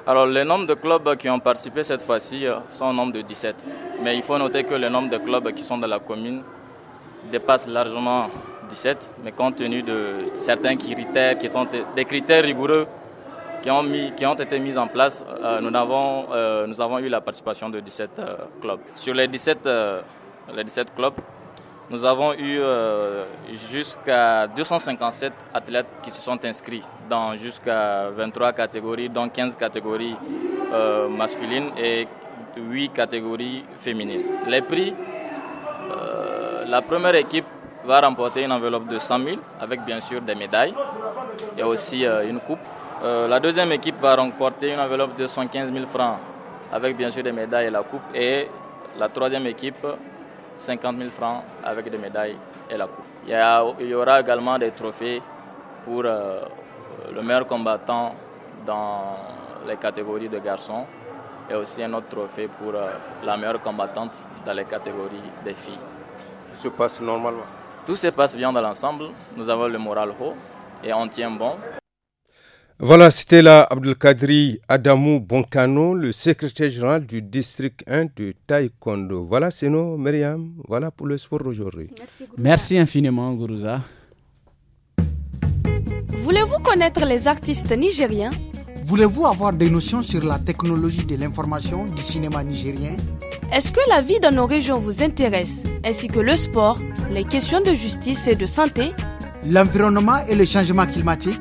[SPEAKER 13] Alors le nombre de clubs qui ont participé cette fois-ci euh, sont au nombre de 17. Mais il faut noter que le nombre de clubs qui sont dans la commune dépasse largement 17. Mais compte tenu de certains critères, qui des critères rigoureux qui ont, mis, qui été mis en place, euh, euh, nous, avons, eu la participation de 17 clubs. Sur les 17, les 17 clubs, nous avons eu euh, jusqu'à 257 athlètes qui se sont inscrits dans jusqu'à 23 catégories, dont 15 catégories euh, masculines et 8 catégories féminines. Les prix, euh, la première équipe va remporter une enveloppe de 100 000 avec bien sûr des médailles et aussi une coupe. la deuxième équipe va remporter une enveloppe de 115 000 francs avec bien sûr des médailles et la coupe. Et la troisième équipe 50 000 francs avec des médailles et la coupe. Il y, aura également des trophées pour euh, le meilleur combattant dans les catégories de garçons et aussi un autre trophée pour euh, la meilleure combattante dans les catégories des filles. Tout se passe normalement Tout se passe bien dans l'ensemble. Nous avons le moral haut et on tient bon.
[SPEAKER 10] Voilà, c'était là Abdelkadri Adamou Bonkano, le secrétaire général du district 1 de Taekwondo. Voilà, c'est nous, Myriam. Voilà pour le sport aujourd'hui. Merci, infiniment,
[SPEAKER 1] Gourouza.
[SPEAKER 14] Voulez-vous connaître les artistes nigériens
[SPEAKER 1] Voulez-vous avoir des notions sur la technologie de l'information du cinéma nigérien
[SPEAKER 14] Est-ce que la vie dans nos régions vous intéresse, ainsi que le sport, les questions de justice et de santé
[SPEAKER 8] L'environnement et le changement climatique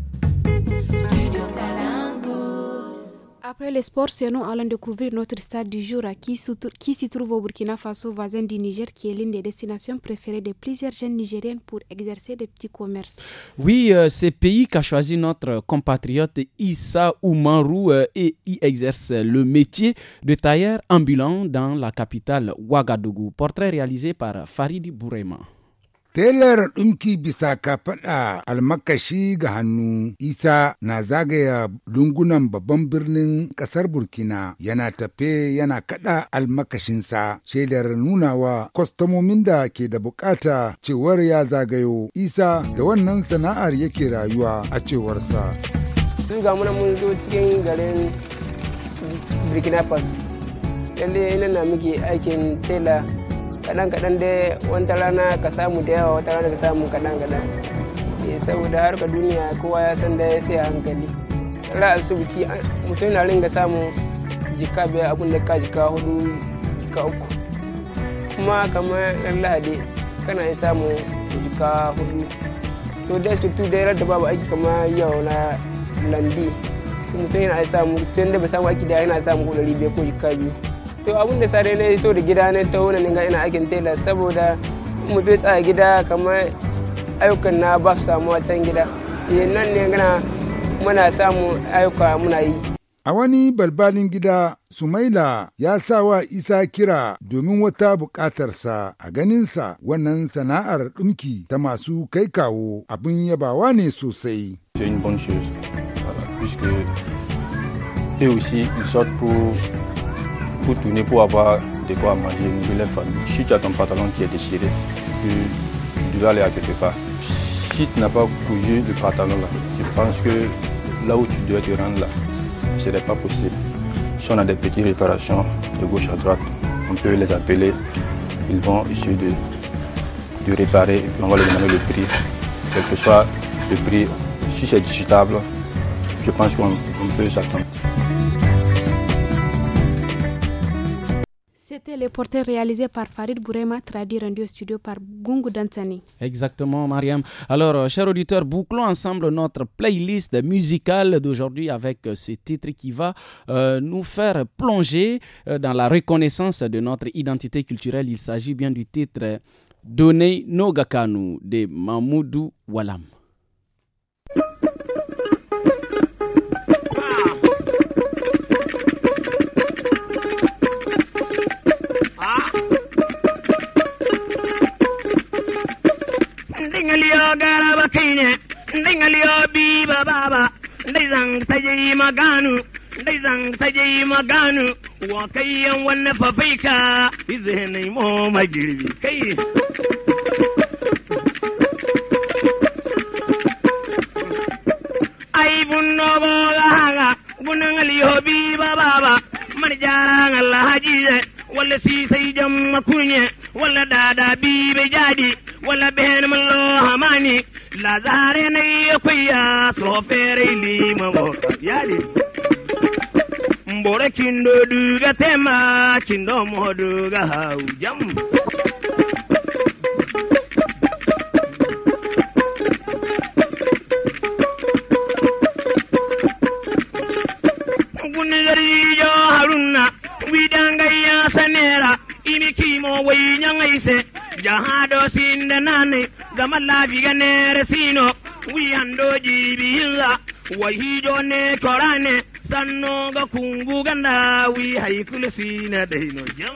[SPEAKER 2] Après les sports, c'est nous allons découvrir notre stade du jour qui, qui s'y trouve au Burkina Faso, voisin du Niger, qui est l'une des destinations préférées de plusieurs jeunes Nigériennes pour exercer des petits commerces.
[SPEAKER 1] Oui, c'est euh, c'est pays qu'a choisi notre compatriote Issa Oumarou euh, et y exerce le métier de tailleur ambulant dans la capitale Ouagadougou. Portrait réalisé par Faridi Bourema.
[SPEAKER 15] Telar ɗumki bisa ka faɗa almakashi ga hannu isa na zagaya lungunan babban birnin ƙasar burkina yana tafe yana kaɗa almakashinsa shaidar nunawa kwastamomin da ke da bukata cewar ya zagayo isa da wannan sana'ar yake rayuwa a cewarsa.
[SPEAKER 16] Sun ga mun zo cikin garin burkina faso lalle yana muke aikin tela Kadan kadan dai wata rana ka samu da yawa wata rana ka samu kaɗan kaɗan eh, saboda harka duniya kowa ya san da ya sai a hankali ra asibiti mutum na ringa samu jika biya abin da ka jika hudu jika uku kuma kamar yan lahadi kana iya samu jika hudu to dai tu dai da babu aiki kamar yau na landi mutum yana samu sai da ba samu aiki da yana samu hudu biyu ko jika biyu
[SPEAKER 3] to abun da sare na to da gida
[SPEAKER 16] na wani ne ga ina aikin tela saboda mutum tsaya gida kamar ayyukan na ba su samuwa can gida eh, nan ne gana muna samu ayyuka muna yi
[SPEAKER 15] a wani balbalin gida Sumaila ya sa wa Isa kira domin wata bukatarsa a ganinsa wannan sana'ar ɗumki ta masu kai kawo abin yabawa ne sosai. Puisque aussi, pour pour tourner, pour avoir de quoi manger,
[SPEAKER 10] nous Si tu as ton pantalon qui est déchiré, tu, dois aller à quelque part. Si tu n'as pas cousu le pantalon là, je pense que là où tu dois te rendre là, ce n'est pas possible. Si on a des petites réparations de gauche à droite, on peut les appeler. Ils vont essayer de, de réparer on va leur demander le prix. Quel que soit le prix, si c'est discutable, je pense qu'on peut s'attendre.
[SPEAKER 2] C'était le portrait réalisé par Farid Bourema, traduit rendu au studio par Gungu Dantani.
[SPEAKER 1] Exactement, Mariam. Alors, euh, chers auditeurs, bouclons ensemble notre playlist musicale d'aujourd'hui avec euh, ce titre qui va euh, nous faire plonger dans la reconnaissance de notre identité culturelle. Il s'agit bien du titre Donner Nogakanu de Mamoudou Walam.
[SPEAKER 16] ndingaliyo garaba kaine biba baba ndai zang maganu ndai zang maganu wa fafaika mo magirbi kai ai bunno boga haga bunangaliyo biba baba marjaran alhaji wala si sai jamma kunye dada bibe jadi wala ben mun lo hamani la zare ne kuya so fere ni mamo yali mbore kindo duga tema kindo mo duga hau jam gunigari jo haruna widanga ya sanera imi kimo wai nyangaise jahado sindanani gama lafiya nere sino wiyando jibiyilla wahijo ne korane sanno ga kungu ganda wi haikulu sina daino jam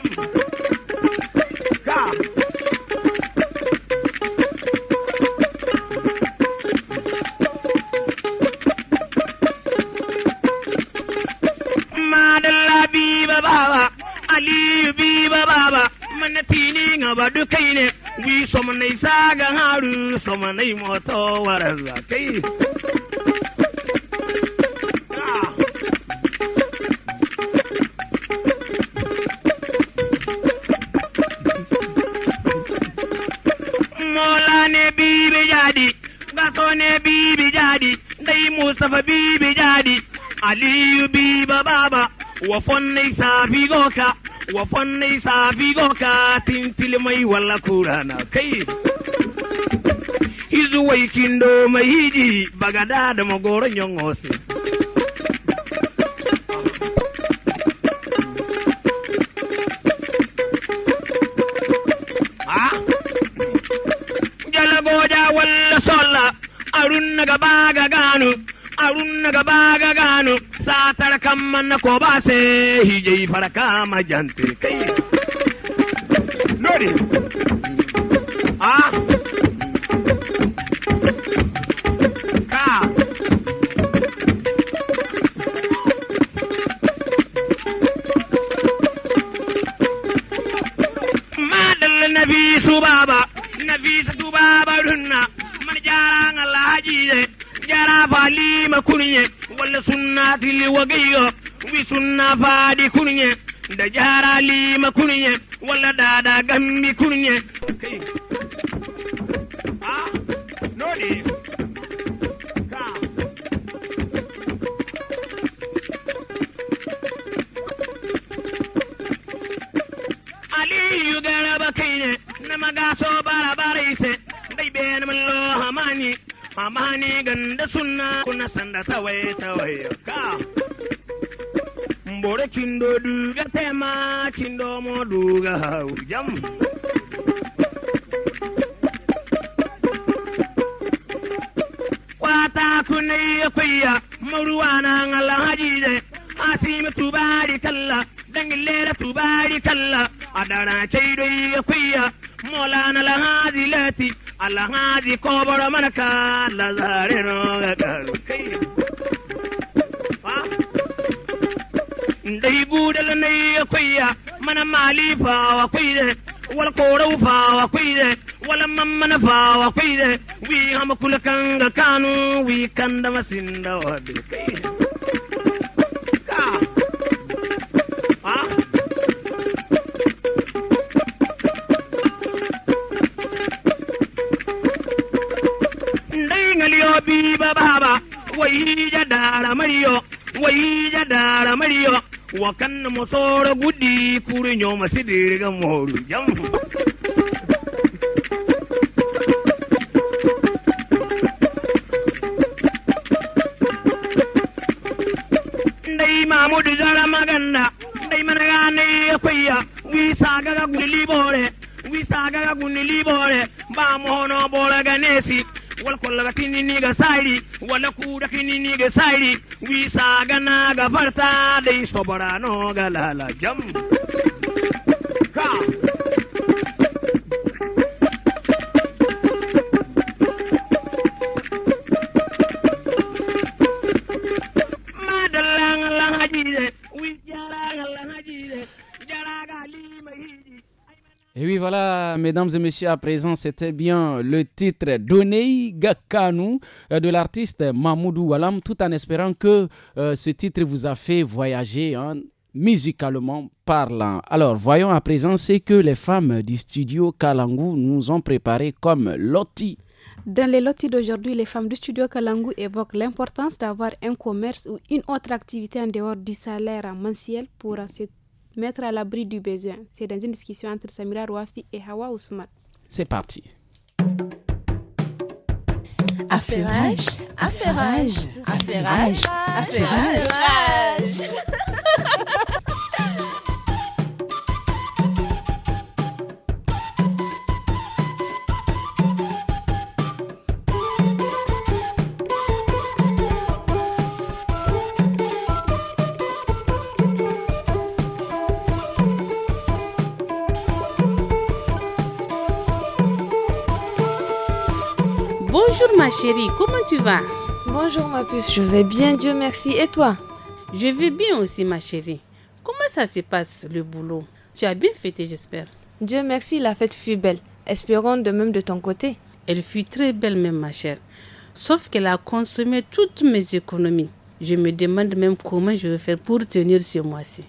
[SPEAKER 16] madalla biba baba aliyu biba baba na tini nga ba du kai ne wi som nai sa ga haru som nai mo to warar kai ah. Mola ne bibi jadi, Baso ne bibi jadi, Dai Mustafa bibi jadi, Aliyu biba baba, Wafon ne safi goka, wafannai ka goka mai wala kurana kai Izu wai kindo mai ji? bagada da magoro nyongose jalagoja wala solla arun naga baga ganu arun ga baga gano satar kan man na ko ba sai hije farka majante kai nori ah ka madal nabi faaliima kunye walla sunnaatili wagayyo wi sunna faadi kunye da jaaraliima kunye walla daadaa gammi kunye mama ne ganda suna kuna sanda tawaye tawaye ka mbore kindo duga tema kindo mo duga hau jam kwata kunai ya kuya maruwa na ngala hajide asimi tubari kalla dangilera tubari kalla adara chaido ya kuya
[SPEAKER 3] molana la hazilati
[SPEAKER 16] alhaji ko bara mana ka lazare no ga garu dai budal ne akwai mana malifa akwai da wal korau fa akwai da wal mamman fa akwai da wi ham kulakan ga kanu wi kanda masinda wa bil habiba baba wayija dara mariyo wayija dara mariyo wo kan mo soro guddi kuri ñoma sidirga moru jam ndey mamadou zara maganda ndey managa neye koyya wi sagaga gunni liɓore wi sagaga gunni liɓore mbamohono ɓoraga nesi walkolla kininiga sayri wala kuuda kininiga sayri wiisaaga naaga fartaade isoboranoga lala jam ka
[SPEAKER 1] Et oui, voilà, mesdames et messieurs, à présent, c'était bien le titre Donei Gakanu euh, de l'artiste Mamoudou Walam, tout en espérant que euh, ce titre vous a fait voyager hein, musicalement parlant. Alors, voyons à présent ce que les femmes du studio Kalangu nous ont préparé comme loti. Dans les lotis
[SPEAKER 2] d'aujourd'hui, les femmes du studio Kalangu évoquent l'importance d'avoir un commerce ou une autre activité en dehors du salaire mensuel pour se mettre à l'abri du besoin. C'est dans une discussion entre Samira Rouafi et Hawa Ousmane.
[SPEAKER 1] C'est parti. Affairage, affairage,
[SPEAKER 2] affairage, affairage.
[SPEAKER 17] Bonjour ma chérie, comment tu vas Bonjour ma puce, je vais bien, Dieu merci. Et toi Je vais bien aussi ma chérie. Comment ça se passe le boulot Tu as bien fêté, j'espère. Dieu merci, la fête fut belle. Espérons de même de ton côté. Elle fut très belle même ma chère. Sauf qu'elle a consommé toutes mes économies. Je me demande même comment je vais faire pour tenir ce mois-ci.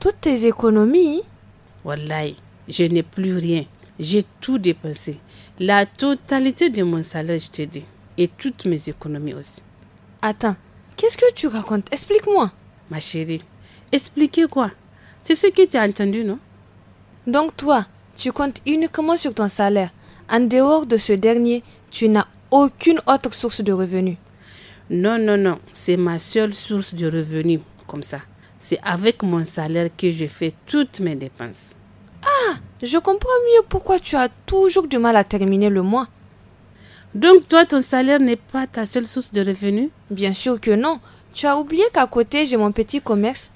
[SPEAKER 17] Toutes tes économies Wallahi, je n'ai plus rien. J'ai tout dépensé la totalité de mon salaire, je t'ai dit. et toutes mes économies aussi. Attends, qu'est-ce que tu racontes Explique-moi. Ma chérie, expliquer quoi C'est ce que tu as entendu, non Donc toi,
[SPEAKER 14] tu comptes uniquement sur ton salaire. En dehors de ce dernier, tu n'as aucune
[SPEAKER 17] autre source de revenus. Non, non, non, c'est ma seule source de revenus, comme ça. C'est avec mon salaire que je fais toutes mes dépenses. Ah, je comprends mieux pourquoi tu as toujours du mal à terminer le mois. Donc toi, ton
[SPEAKER 14] salaire n'est pas ta seule source de revenus Bien sûr que non. Tu as oublié qu'à côté, j'ai mon petit commerce.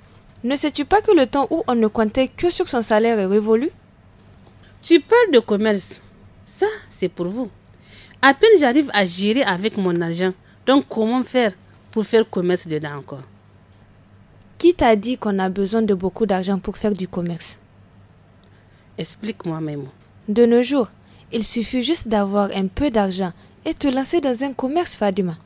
[SPEAKER 14] Ne sais-tu pas que le temps où on ne comptait que sur son salaire est révolu
[SPEAKER 17] Tu parles de commerce. Ça, c'est pour vous. À peine j'arrive à gérer avec mon argent. Donc comment faire pour faire commerce dedans encore
[SPEAKER 14] Qui t'a dit qu'on a besoin de beaucoup d'argent pour faire du commerce
[SPEAKER 17] Explique-moi, même.
[SPEAKER 14] De nos jours, il suffit juste d'avoir un peu d'argent et te lancer dans
[SPEAKER 17] un commerce, Fadima.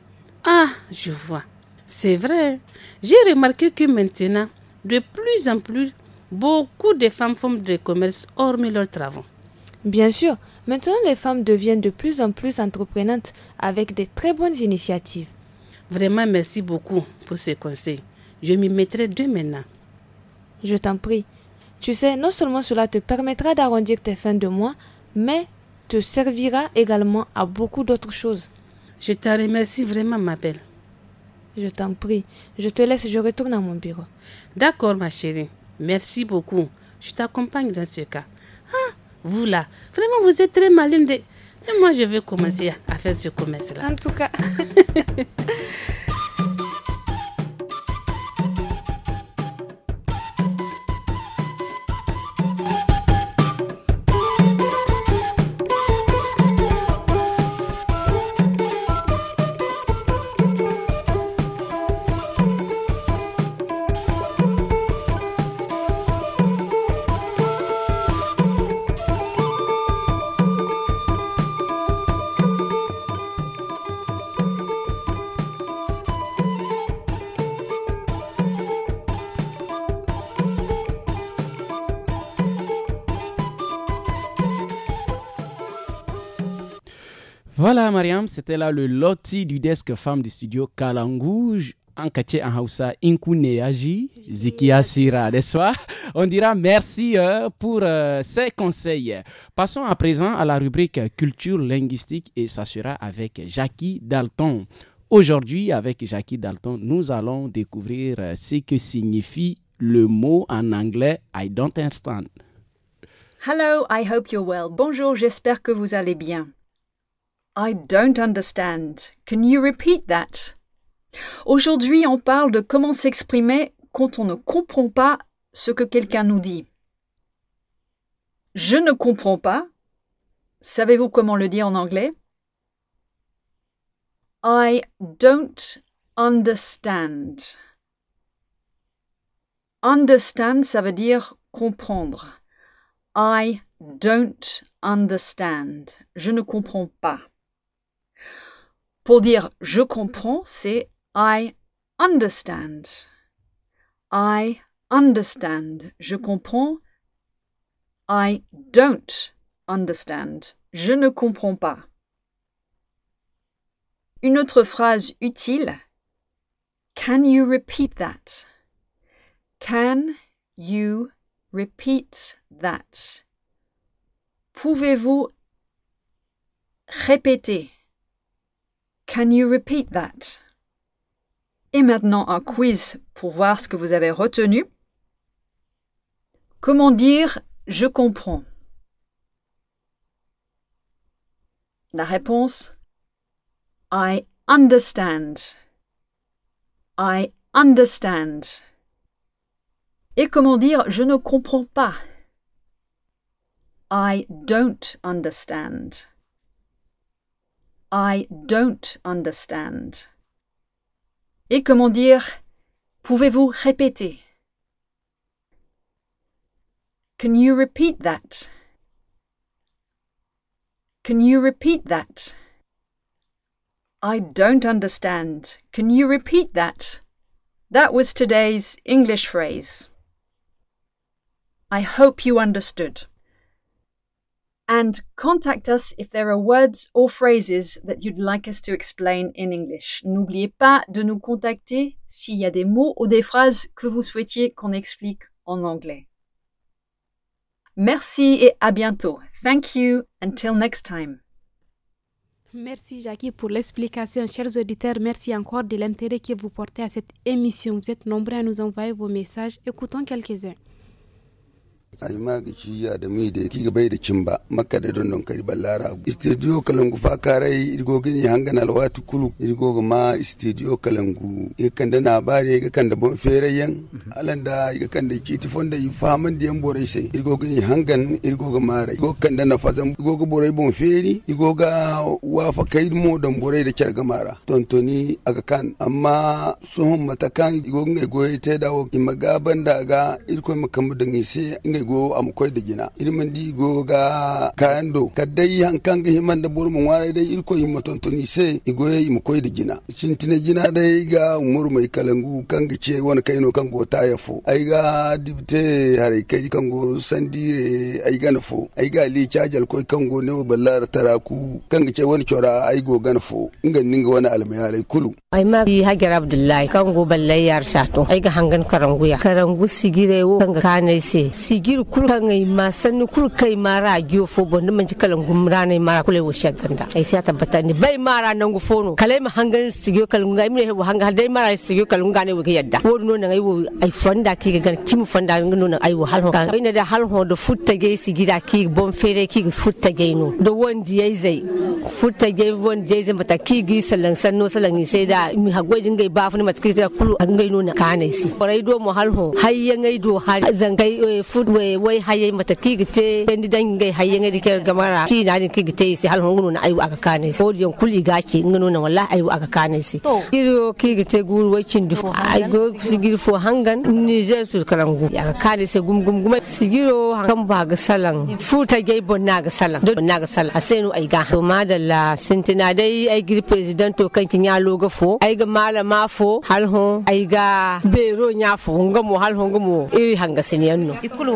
[SPEAKER 17] Ah, je vois. C'est vrai. J'ai remarqué que maintenant, de plus en plus, beaucoup de femmes font des commerces hormis leurs travaux.
[SPEAKER 14] Bien sûr, maintenant les femmes deviennent de plus en plus entreprenantes avec de très bonnes
[SPEAKER 17] initiatives. Vraiment, merci beaucoup pour ces conseils. Je m'y mettrai dès maintenant.
[SPEAKER 14] Je t'en prie. Tu sais, non seulement cela te permettra d'arrondir tes fins de mois, mais te servira également à beaucoup d'autres choses.
[SPEAKER 17] Je te remercie vraiment, ma belle. Je t'en prie. Je te laisse, je retourne à mon bureau. D'accord, ma chérie. Merci beaucoup. Je t'accompagne dans ce cas. Ah, vous là, vraiment, vous êtes très malin. De... moi, je veux commencer à faire ce commerce-là. En tout cas.
[SPEAKER 1] Voilà, Mariam, c'était là le loti du desk femme du studio Kalangouge. En en Hausa, On dira merci euh, pour euh, ces conseils. Passons à présent à la rubrique culture linguistique et ça sera avec Jackie Dalton. Aujourd'hui, avec Jackie Dalton, nous allons découvrir euh, ce que signifie le mot en anglais I don't understand.
[SPEAKER 18] Hello, I hope you're well. Bonjour, j'espère que vous allez bien. I don't understand. Can you repeat that? Aujourd'hui, on parle de comment s'exprimer quand on ne comprend pas ce que quelqu'un nous dit. Je ne comprends pas. Savez-vous comment le dire en anglais? I don't understand. Understand, ça veut dire comprendre. I don't understand. Je ne comprends pas. Pour dire je comprends, c'est I understand. I understand. Je comprends. I don't understand. Je ne comprends pas. Une autre phrase utile. Can you repeat that? Can you repeat that? Pouvez-vous répéter Can you repeat that? Et maintenant un quiz pour voir ce que vous avez retenu. Comment dire je comprends La réponse I understand. I understand. Et comment dire je ne comprends pas I don't understand. I don't understand. Et comment dire Pouvez-vous répéter Can you repeat that Can you repeat that I don't understand. Can you repeat that? That was today's English phrase. I hope you understood. and contact us if there are words or phrases that you'd like us to explain in English. N'oubliez pas de nous contacter s'il y a des mots ou des phrases que vous souhaitiez qu'on explique en anglais. Merci et à bientôt. Thank you. Until next time. Merci Jackie pour
[SPEAKER 2] l'explication. Chers auditeurs, merci encore de l'intérêt que vous portez à cette émission. Vous êtes nombreux à nous envoyer vos messages. Écoutons quelques-uns.
[SPEAKER 15] ai magaci ya da mi da ki gabai da ba makka da don don lara ballara studio kalangu fa karai irgo gini hangana alwatu kulu irgo ma studio kalangu ya kan da nabari ya kan da bon yan alan da ya kan da kiti fonda yi faman da yan borai sai irgo gini hangan irgo ga mara irgo kan da na fazan irgo ga borai bon fere irgo ga wafa kai mo don borai da kyar gamara tontoni aga kan amma sun matakan irgo ngai goye ta dawo ki magaban da ga irko makamu da ngise ngai go am da gina jina mun di go ga dai kadai hankan ga himan da burmun ware dai irko matantoni tontoni se go yi mu da gina jina tina jina dai ga umur mai kalangu kan ga ce wani kai n'o kan go ta yafo ai ga dibte hare kai kan go sandire ai ga nafo ai ga li chajal koi kan go ne ballar taraku kan ga ce wani chora ai go ga nafo ngan ninga wani almayalai kulu
[SPEAKER 19] ai ma hagar abdullahi kan go ballai yar sato ai ga hangan karanguya karangu sigire wo kan ga kanai se gir kurkan ma sannu kurkai mara gyofo bondo man ci kala gumra ne mara kule wo shaganda ai sai tabbata ni bai mara nan gu fono kalai ma hangarin sigyo kalunga mi hebo hanga dai mara sigyo kalunga ne wo yadda wo no nan ai wo ai fanda ki ga gan cimu fanda no nan ai wo halho kan ina da halho da futta ge sigida ki bon fere ki futta ge no da wondi yai zai futta ge bon je zai mata ki gi salan sanno salan sai da mi hagwajin gai ba funi matkita kulu an gai no ka kanai si korai do mo halho hayya ngai do har zangai eh, fut we way mata kigite endi dangai haye ngadi ker gamara ki na kigite si hal hongunu na ayu aka kane si kuli gachi, ngunu na wallahi ayu aka kane si giro oh. kigite guru way cindu ay go sigir fo hangan ni sur kalangu aka kane se gum gum gum sigiro hangan ba ga hmm. futa gay bonna ga salan do na ga asenu ay ga to madalla sintina dai ay gir president to kanki nyalo logo fo ay ga malama fo hal hon ay ga bero nya fo ngamu hal hon ngamu iri hanga siniyanno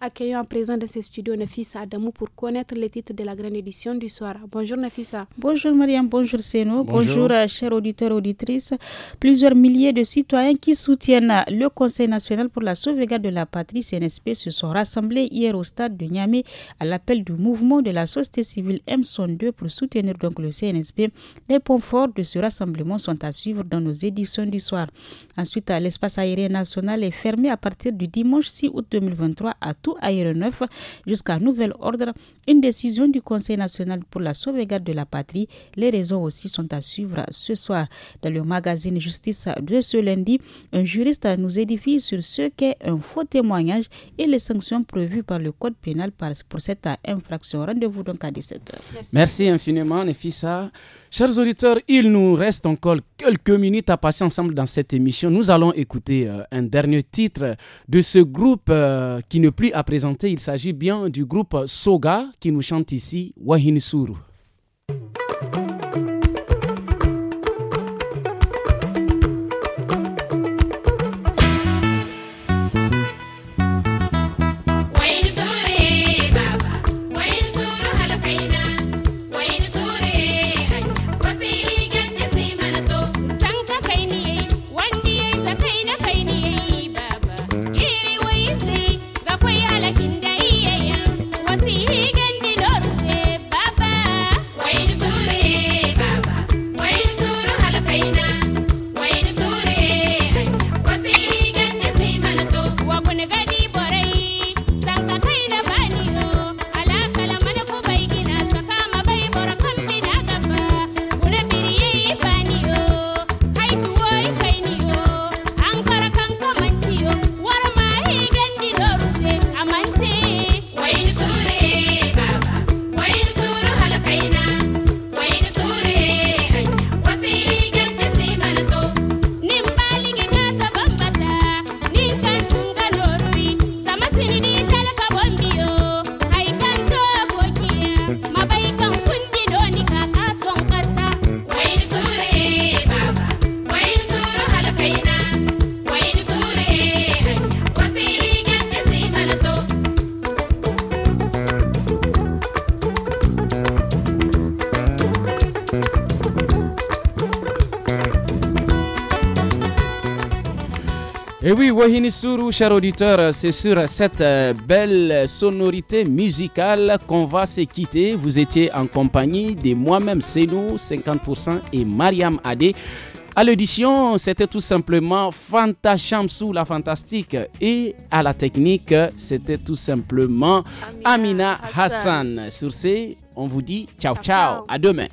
[SPEAKER 2] accueillons à présent de ce studio Nafisa Adamou pour connaître les titres de la grande édition du soir. Bonjour Nafisa. Bonjour Mariam, bonjour Seno, bonjour, euh, chers auditeurs et auditrices. Plusieurs milliers de citoyens qui soutiennent le Conseil national pour la sauvegarde de la patrie CNSP se sont rassemblés hier au stade de Niamey à l'appel du mouvement de la société civile m 2 pour soutenir donc le CNSP. Les points forts de ce rassemblement sont à suivre dans nos éditions du soir. Ensuite, l'espace aérien national est fermé à partir du dimanche 6 août 2023 à tout aéronef jusqu'à nouvel ordre. Une décision du Conseil national pour la sauvegarde de la patrie. Les raisons aussi sont à suivre ce soir. Dans le magazine Justice de ce lundi, un juriste nous édifie sur ce qu'est un faux témoignage et les sanctions prévues par le Code pénal pour cette infraction. Rendez-vous donc à 17h. Merci.
[SPEAKER 1] Merci infiniment, Nefissa. Chers auditeurs, il nous reste encore quelques minutes à passer ensemble dans cette émission. Nous allons écouter euh, un dernier titre de ce groupe euh, qui ne plus à présenter. Il s'agit bien du groupe Soga qui nous chante ici Wahinsuru. Eh oui, Wahini Sourou, cher auditeur, c'est sur cette euh, belle sonorité musicale qu'on va se quitter. Vous étiez en compagnie de moi-même, Senou, 50% et Mariam Adé. À l'audition, c'était tout simplement Fanta Chamsou, la fantastique. Et à la technique, c'était tout simplement Amina, Hassan. Sur ce, on vous dit ciao, ciao. ciao. À demain.